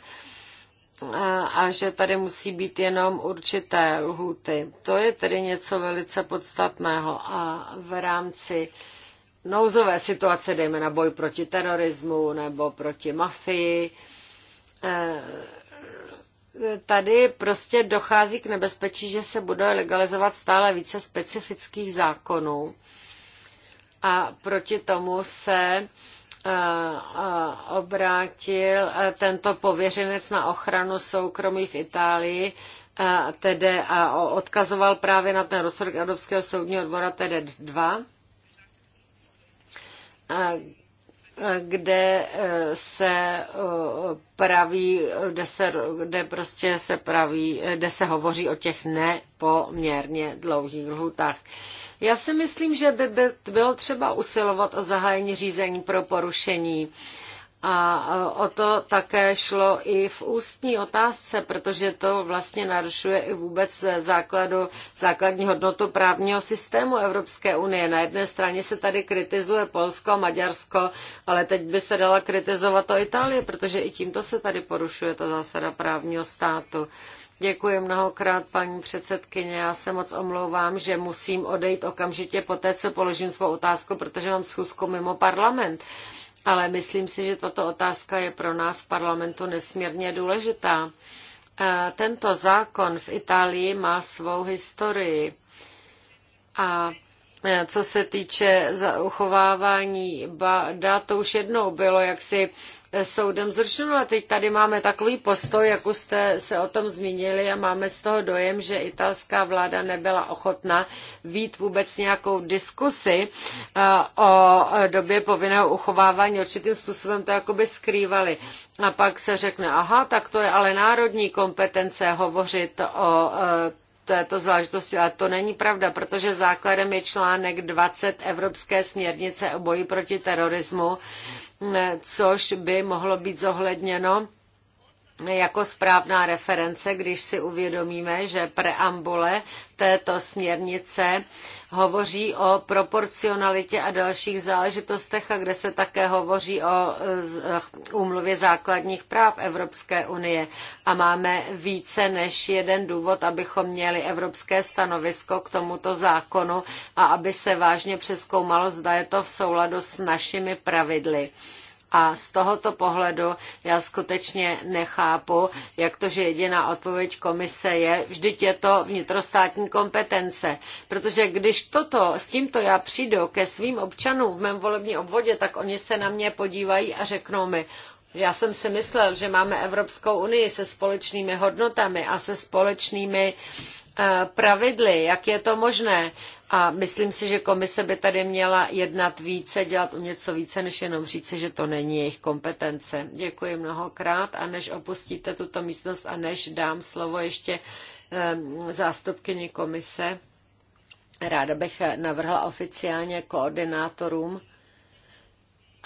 a že tady musí být jenom určité lhuty. To je tedy něco velice podstatného a v rámci nouzové situace, dejme na boj proti terorismu nebo proti mafii, eh, tady prostě dochází k nebezpečí, že se bude legalizovat stále více specifických zákonů a proti tomu se Eh, eh, obrátil eh, tento pověřenec na ochranu soukromí v Itálii, tedy a odkazoval právě na ten rozsudek Evropského soudního dvora tedy 2, kde se praví, kde se, kde prostě se praví, kde se hovoří o těch nepoměrně dlouhých lhutách. Já si myslím, že by bylo třeba usilovat o zahájení řízení pro porušení. A e, o to také šlo i v ústní otázce, protože to vlastně narušuje i vůbec základu, základní hodnotu právního systému Evropské unie. Na jedné straně se tady kritizuje Polsko a Maďarsko, ale teď by se dala kritizovat i Itálie, protože i tímto se tady porušuje ta zásada právního státu. Děkuji mnohokrát, paní předsedkyně. Já se moc omlouvám, že musím odejít okamžitě po té, co položím svou otázku, protože mám schůzku mimo parlament. Ale myslím si, že tato otázka je pro nás v parlamentu nesmírně důležitá. E, tento zákon v Itálii má svou historii. A e, co se týče uchovávání dat, to už jednou bylo jaksi soudem zrušeno. A teď tady máme takový postoj, jak už jste se o tom zmínili a máme z toho dojem, že italská vláda nebyla ochotna vít vůbec nějakou diskusi eh, o době povinného uchovávání. Určitým způsobem to jakoby skrývali. A pak se řekne, aha, tak to je ale národní kompetence hovořit o eh, této záležitosti, ale to není pravda, protože základem je článek 20 Evropské směrnice o boji proti terorismu, mm, což by mohlo být zohledněno jako správná reference, když si uvědomíme, že preambule této směrnice hovoří o proporcionalitě a dalších záležitostech a kde se také hovoří o eh, úmluvě základních práv Evropské unie. A máme více než jeden důvod, abychom měli evropské stanovisko k tomuto zákonu a aby se vážně přeskoumalo, zda je to v souladu s našimi pravidly. A z tohoto pohledu já skutečně nechápu, jak to, že jediná odpověď komise je, vždyť je to vnitrostátní kompetence. Protože když toto, s tímto já přijdu ke svým občanům v mém volebním obvodě, tak oni se na mě podívají a řeknou mi, já jsem si myslel, že máme Evropskou unii se společnými hodnotami a se společnými Eh, pravidly, jak je to možné. A myslím si, že komise by tady měla jednat více, dělat o něco více, než jenom říci, že to není jejich kompetence. Děkuji mnohokrát a než opustíte tuto místnost a než dám slovo ještě eh, zástupkyni komise, ráda bych navrhla oficiálně koordinátorům,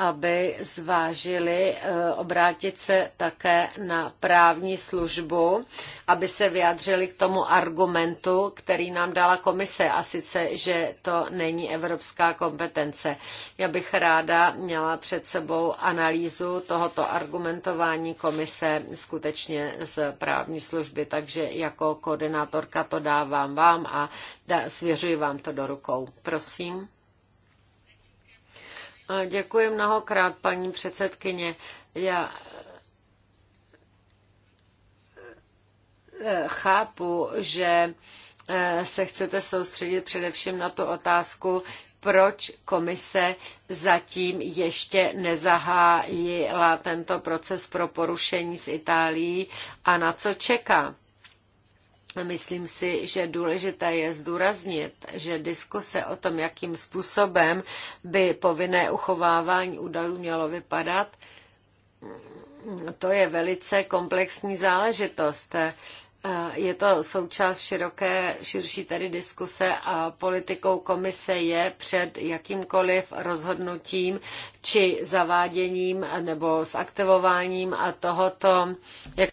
aby zvážili eh, obrátit se také na právní službu, aby se vyjádřili k tomu argumentu, který nám dala komise, a sice, že to není evropská kompetence. Já bych ráda měla před sebou analýzu tohoto argumentování komise skutečně z právní služby, takže jako koordinátorka to dávám vám a svěřuji vám to do rukou. Prosím. Děkuji mnohokrát, paní předsedkyně. Já eh, chápu, že eh, se chcete soustředit především na tu otázku, proč komise zatím ještě nezahájila tento proces pro porušení s Itálií a na co čeká. Myslím si, že důležité je zdůraznit, že diskuse o tom, jakým způsobem by povinné uchovávání údajů mělo vypadat, to je velice komplexní záležitost. Je to součást široké, širší tedy diskuse a politikou komise je před jakýmkoliv rozhodnutím či zaváděním nebo s aktivováním a tohoto, jak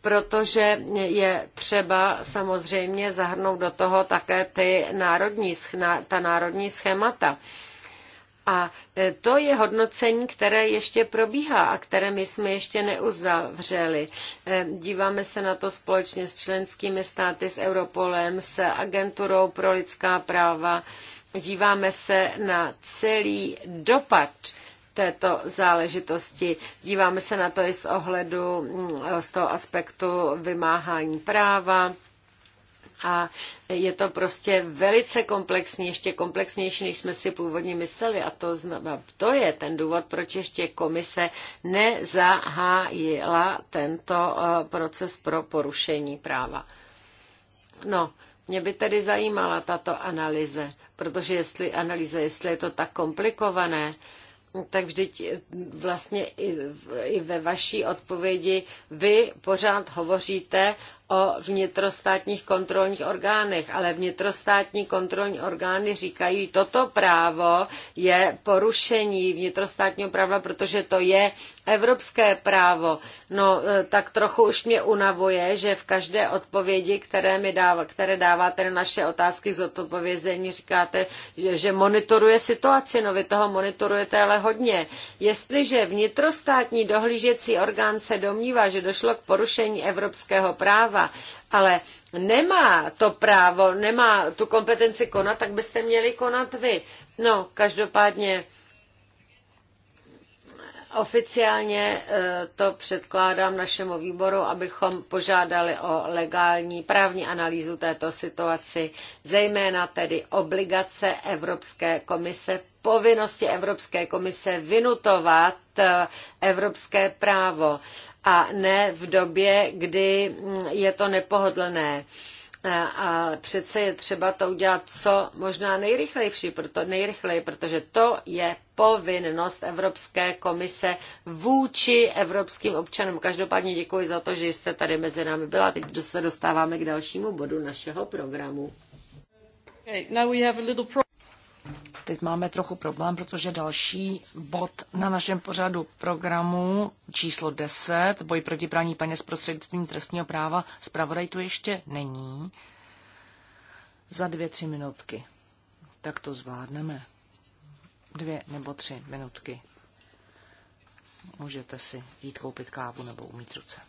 protože je třeba samozřejmě zahrnout do toho také ty národní, ta národní schémata. A e, to je hodnocení, které ještě probíhá a které my jsme ještě neuzavřeli. E, díváme se na to společně s členskými státy, s Europolem, s Agenturou pro lidská práva. Díváme se na celý dopad této záležitosti. Díváme se na to i z ohledu mm, z toho aspektu vymáhání práva. A je to prostě velice komplexní, ještě komplexnější, než jsme si původně mysleli. A to, to je ten důvod, proč ještě komise nezahájila tento eh, proces pro porušení práva. No, mě by tedy zajímala tato analýze, protože jestli analýza, jestli je to tak komplikované, tak vždyť eh, vlastně i, ve vaší odpovědi vy pořád hovoříte o vnitrostátních kontrolních orgánech, ale vnitrostátní kontrolní orgány říkají, toto právo je porušení vnitrostátního práva, protože to je evropské právo. No, e, tak trochu už mě unavuje, že v každé odpovědi, které, mi dává, které dáváte na naše otázky z odpovězení, říkáte, že, že monitoruje situaci. No, vy toho monitorujete ale hodně. Jestliže vnitrostátní dohlížecí orgán se domnívá, že došlo k porušení evropského práva, práva, ale nemá to právo, nemá tu kompetenci konat, tak byste měli konat vy. No, každopádně oficiálně eh, to předkládám našemu výboru, abychom požádali o legální právní analýzu této situaci, zejména tedy obligace Evropské komise, povinnosti Evropské komise vynutovat eh, evropské právo a ne v době, kdy je to nepohodlné. A přece je třeba to udělat co možná nejrychlejší, proto, nejrychleji, protože to je povinnost Evropské komise vůči evropským občanům. Každopádně děkuji za to, že jste tady mezi námi byla. Teď se dostáváme k dalšímu bodu našeho programu. Okay, now we have a little pro- Teď máme trochu problém, protože další bod na našem pořadu programu číslo 10, boj proti praní peněz prostřednictvím trestního práva, zpravodaj tu ještě není. Za dvě, tři minutky. Tak to zvládneme. Dvě nebo tři minutky. Můžete si jít koupit kávu nebo umít ruce.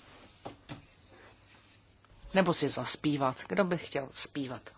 Nebo si zaspívat. Kdo by chtěl zpívat?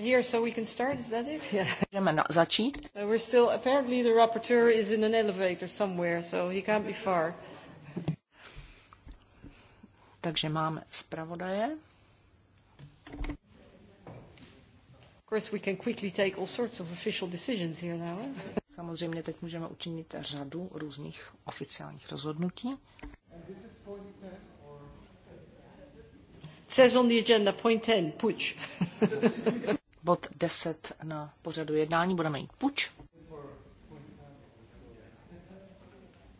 here, so we can start. Is that it? Yeah. Můžeme na- začít. Uh, we're still apparently the rapporteur is in an elevator somewhere, so he can't be far. Takže máme zpravodaje. Of course, we can quickly take all sorts of official decisions here now. Eh? Samozřejmě teď můžeme učinit řadu různých oficiálních rozhodnutí. It says on the agenda point 10, push. bod 10 na pořadu jednání. Budeme jít puč.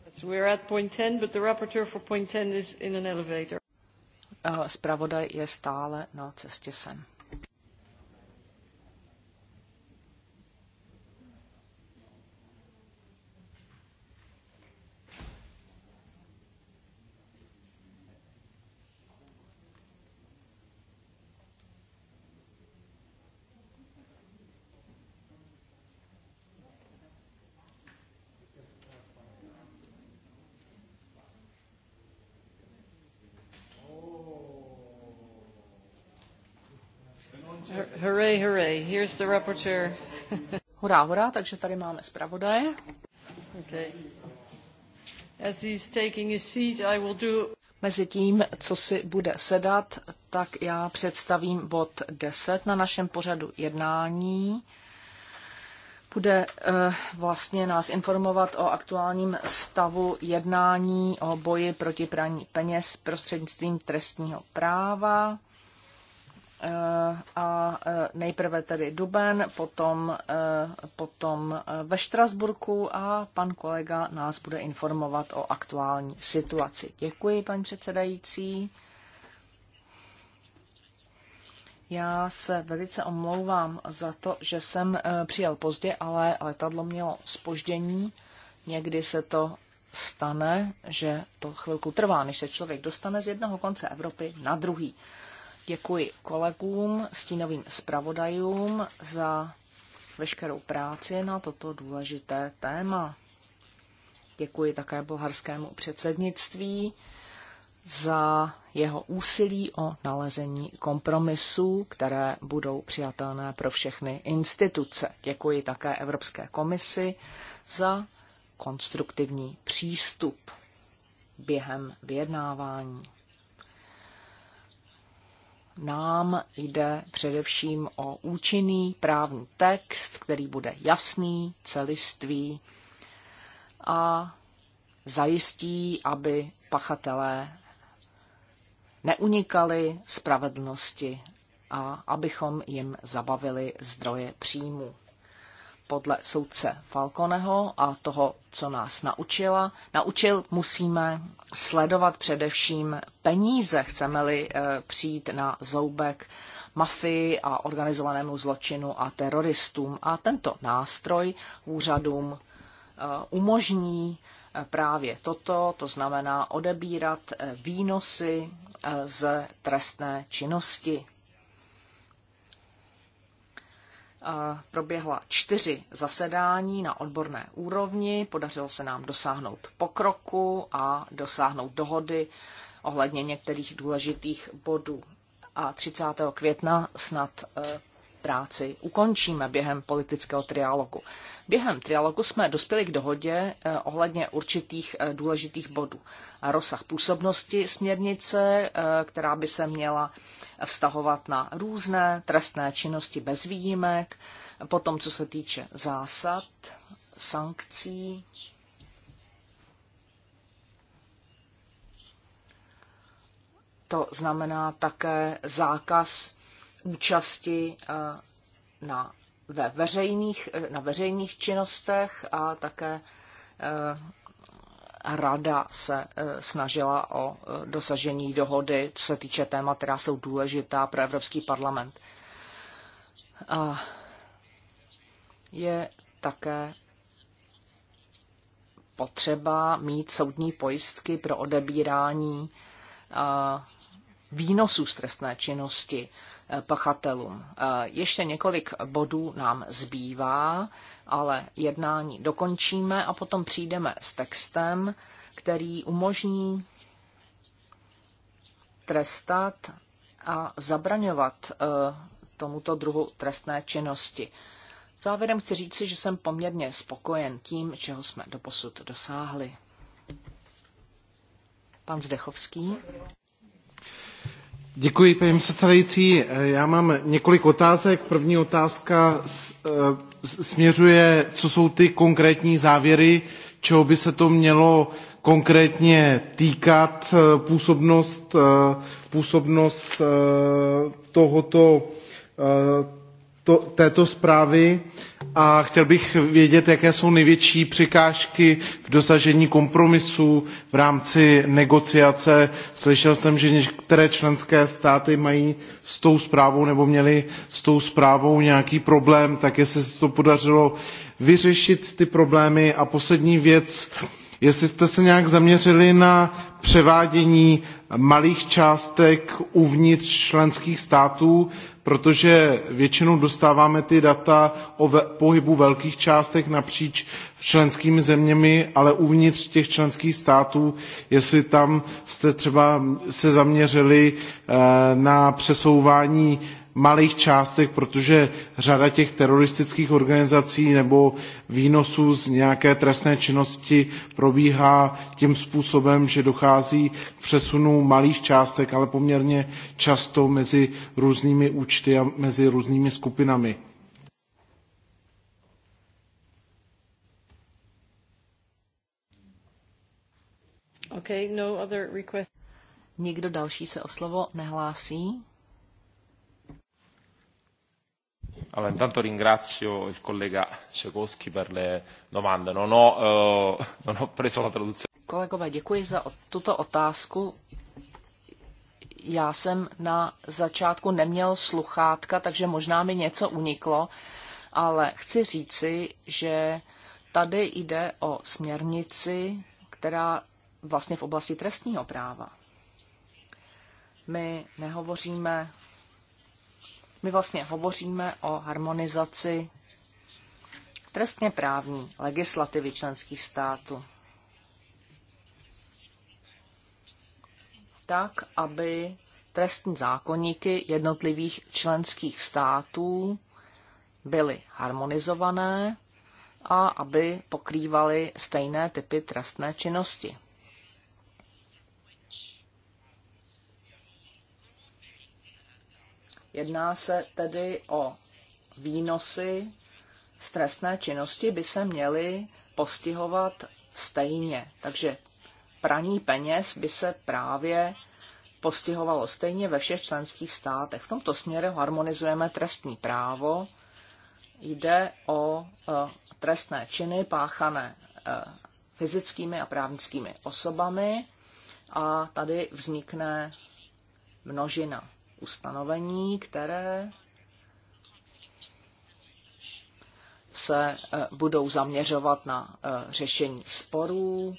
Zpravodaj at point but the for point is in an elevator. Spravodaj eh, je stále na cestě sem. rapporteur. hurá, hurá, takže tady máme zpravodaje. Okay. As he's taking his seat, I will do... Mezi tím, co si bude sedat, tak já představím bod 10 na našem pořadu jednání bude eh, vlastně nás informovat o aktuálním stavu jednání o boji proti praní peněz prostřednictvím trestního práva. Eh, a eh, nejprve tedy Duben, potom, eh, potom ve Štrasburku a pan kolega nás bude informovat o aktuální situaci. Děkuji, paní předsedající. Já se velice omlouvám za to, že jsem přijel pozdě, ale letadlo mělo spoždění. Někdy se to stane, že to chvilku trvá, než se člověk dostane z jednoho konce Evropy na druhý. Děkuji kolegům, stínovým zpravodajům za veškerou práci na toto důležité téma. Děkuji také bulharskému předsednictví za jeho úsilí o nalezení kompromisů, které budou přijatelné pro všechny instituce. Děkuji také Evropské komisi za konstruktivní přístup během vyjednávání. Nám jde především o účinný právní text, který bude jasný, celistvý a zajistí, aby pachatelé neunikali spravedlnosti a abychom jim zabavili zdroje příjmu podle soudce Falconeho a toho, co nás naučila, naučil, musíme sledovat především peníze, chceme-li eh, přijít na zoubek mafii a organizovanému zločinu a teroristům. A tento nástroj úřadům eh, umožní eh, právě toto, to znamená odebírat výnosy z trestné činnosti. Eh, proběhla čtyři zasedání na odborné úrovni, podařilo se nám dosáhnout pokroku a dosáhnout dohody ohledně některých důležitých bodů. A 30. května snad eh, práci ukončíme během politického trialogu. Během trialogu jsme dospěli k dohodě eh, ohledně určitých eh, důležitých bodů. Rozsah působnosti směrnice, eh, která by se měla vztahovat na různé trestné činnosti bez výjimek, potom co se týče zásad, sankcí, To znamená také zákaz účasti eh, na, ve veřejných, eh, na veřejných činnostech a také eh, rada se snažila o dosažení dohody, co se týče témat, která jsou důležitá pro Evropský parlament. A je také potřeba mít soudní pojistky pro odebírání výnosů z trestné činnosti pachatelům. Eh, ještě několik bodů nám zbývá, ale jednání dokončíme a potom přijdeme s textem, který umožní trestat a zabraňovat eh, tomuto druhu trestné činnosti. Závěrem chci říci, že jsem poměrně spokojen tím, čeho jsme doposud dosáhli. Pan Zdechovský. Děkuji, paní předsedající. Já mám několik otázek. První otázka eh, směřuje, co jsou ty konkrétní závěry, čeho by se to mělo konkrétně týkat, eh, působnost, eh, působnost tohoto to, této zprávy a chtěl bych vědět, jaké jsou největší překážky v dosažení kompromisu v rámci negociace. Slyšel jsem, že některé členské státy mají s tou zprávou nebo měly s tou zprávou nějaký problém, tak jestli se to podařilo vyřešit ty problémy. A poslední věc, jestli jste se nějak zaměřili na převádění malých částek uvnitř členských států, protože většinou dostáváme ty data o pohybu velkých částek napříč členskými zeměmi, ale uvnitř těch členských států, jestli tam jste třeba se zaměřili eh, na přesouvání malých částek, protože řada těch teroristických organizací nebo výnosů z nějaké trestné činnosti probíhá tím způsobem, že dochází k přesunu malých částek, ale poměrně často mezi různými účty a mezi různými skupinami. Okay, no other request. Nikdo další se o slovo nehlásí. Allora, intanto ringrazio il collega Cekosky per le domande. Non ho, uh, non ho preso la traduzione. Kolegové, děkuji za tuto otázku. Já jsem na začátku neměl sluchátka, takže možná mi něco uniklo, ale chci říci, že tady jde o směrnici, která vlastně v oblasti trestního práva. My nehovoříme my vlastně hovoříme o harmonizaci trestně právní legislativy členských států. Tak, aby trestní zákonníky jednotlivých členských států byly harmonizované a aby pokrývaly stejné typy trestné činnosti. Jedná se tedy o výnosy z trestné činnosti by se měly postihovat stejně. Takže praní peněz by se právě postihovalo stejně ve všech členských státech. V tomto směru harmonizujeme trestní právo. Jde o e, trestné činy páchané e, fyzickými a právnickými osobami a tady vznikne množina ustanovení, které se eh, budou zaměřovat na eh, řešení sporů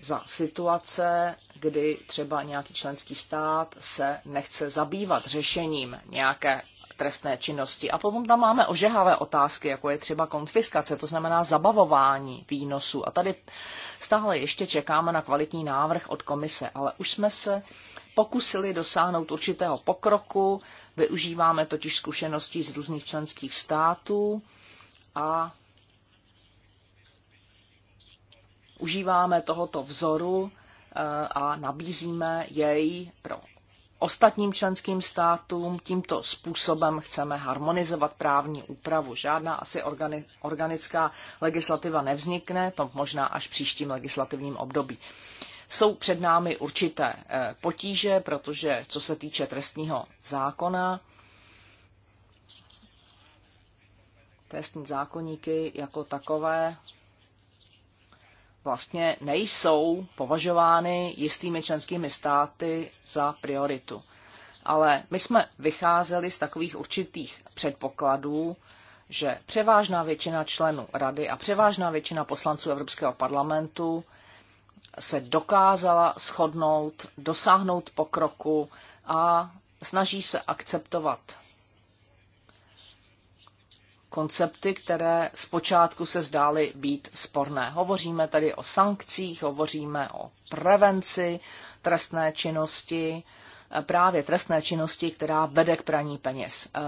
za situace, kdy třeba nějaký členský stát se nechce zabývat řešením nějaké trestné činnosti. A potom tam máme ožehavé otázky, jako je třeba konfiskace, to znamená zabavování výnosů. A tady stále ještě čekáme na kvalitní návrh od komise, ale už jsme se pokusili dosáhnout určitého pokroku. Využíváme totiž zkušeností z různých členských států a užíváme tohoto vzoru eh, a nabízíme jej pro ostatním členským státům. Tímto způsobem chceme harmonizovat právní úpravu. Žádná asi organická legislativa nevznikne, to možná až příštím legislativním období. Jsou před námi určité eh, potíže, protože co se týče trestního zákona, trestní zákoníky jako takové vlastně nejsou považovány jistými členskými státy za prioritu. Ale my jsme vycházeli z takových určitých předpokladů, že převážná většina členů rady a převážná většina poslanců Evropského parlamentu se dokázala shodnout, dosáhnout pokroku a snaží se akceptovat koncepty, které zpočátku se zdály být sporné. Hovoříme tady o sankcích, hovoříme o prevenci trestné činnosti, právě trestné činnosti, která vede k praní peněz. Eh,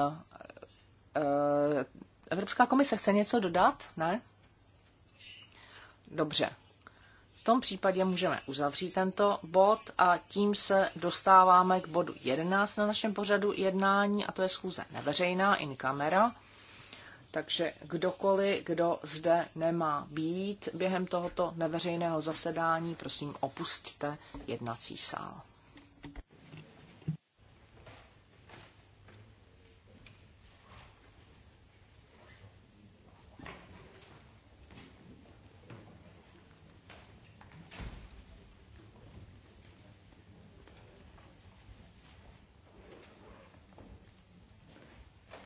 eh, Evropská komise chce něco dodat? Ne? Dobře. V tom případě můžeme uzavřít tento bod a tím se dostáváme k bodu 11 na našem pořadu jednání a to je schůze neveřejná in camera. Takže kdokoliv, kdo zde nemá být během tohoto neveřejného zasedání, prosím opustte jednací sál.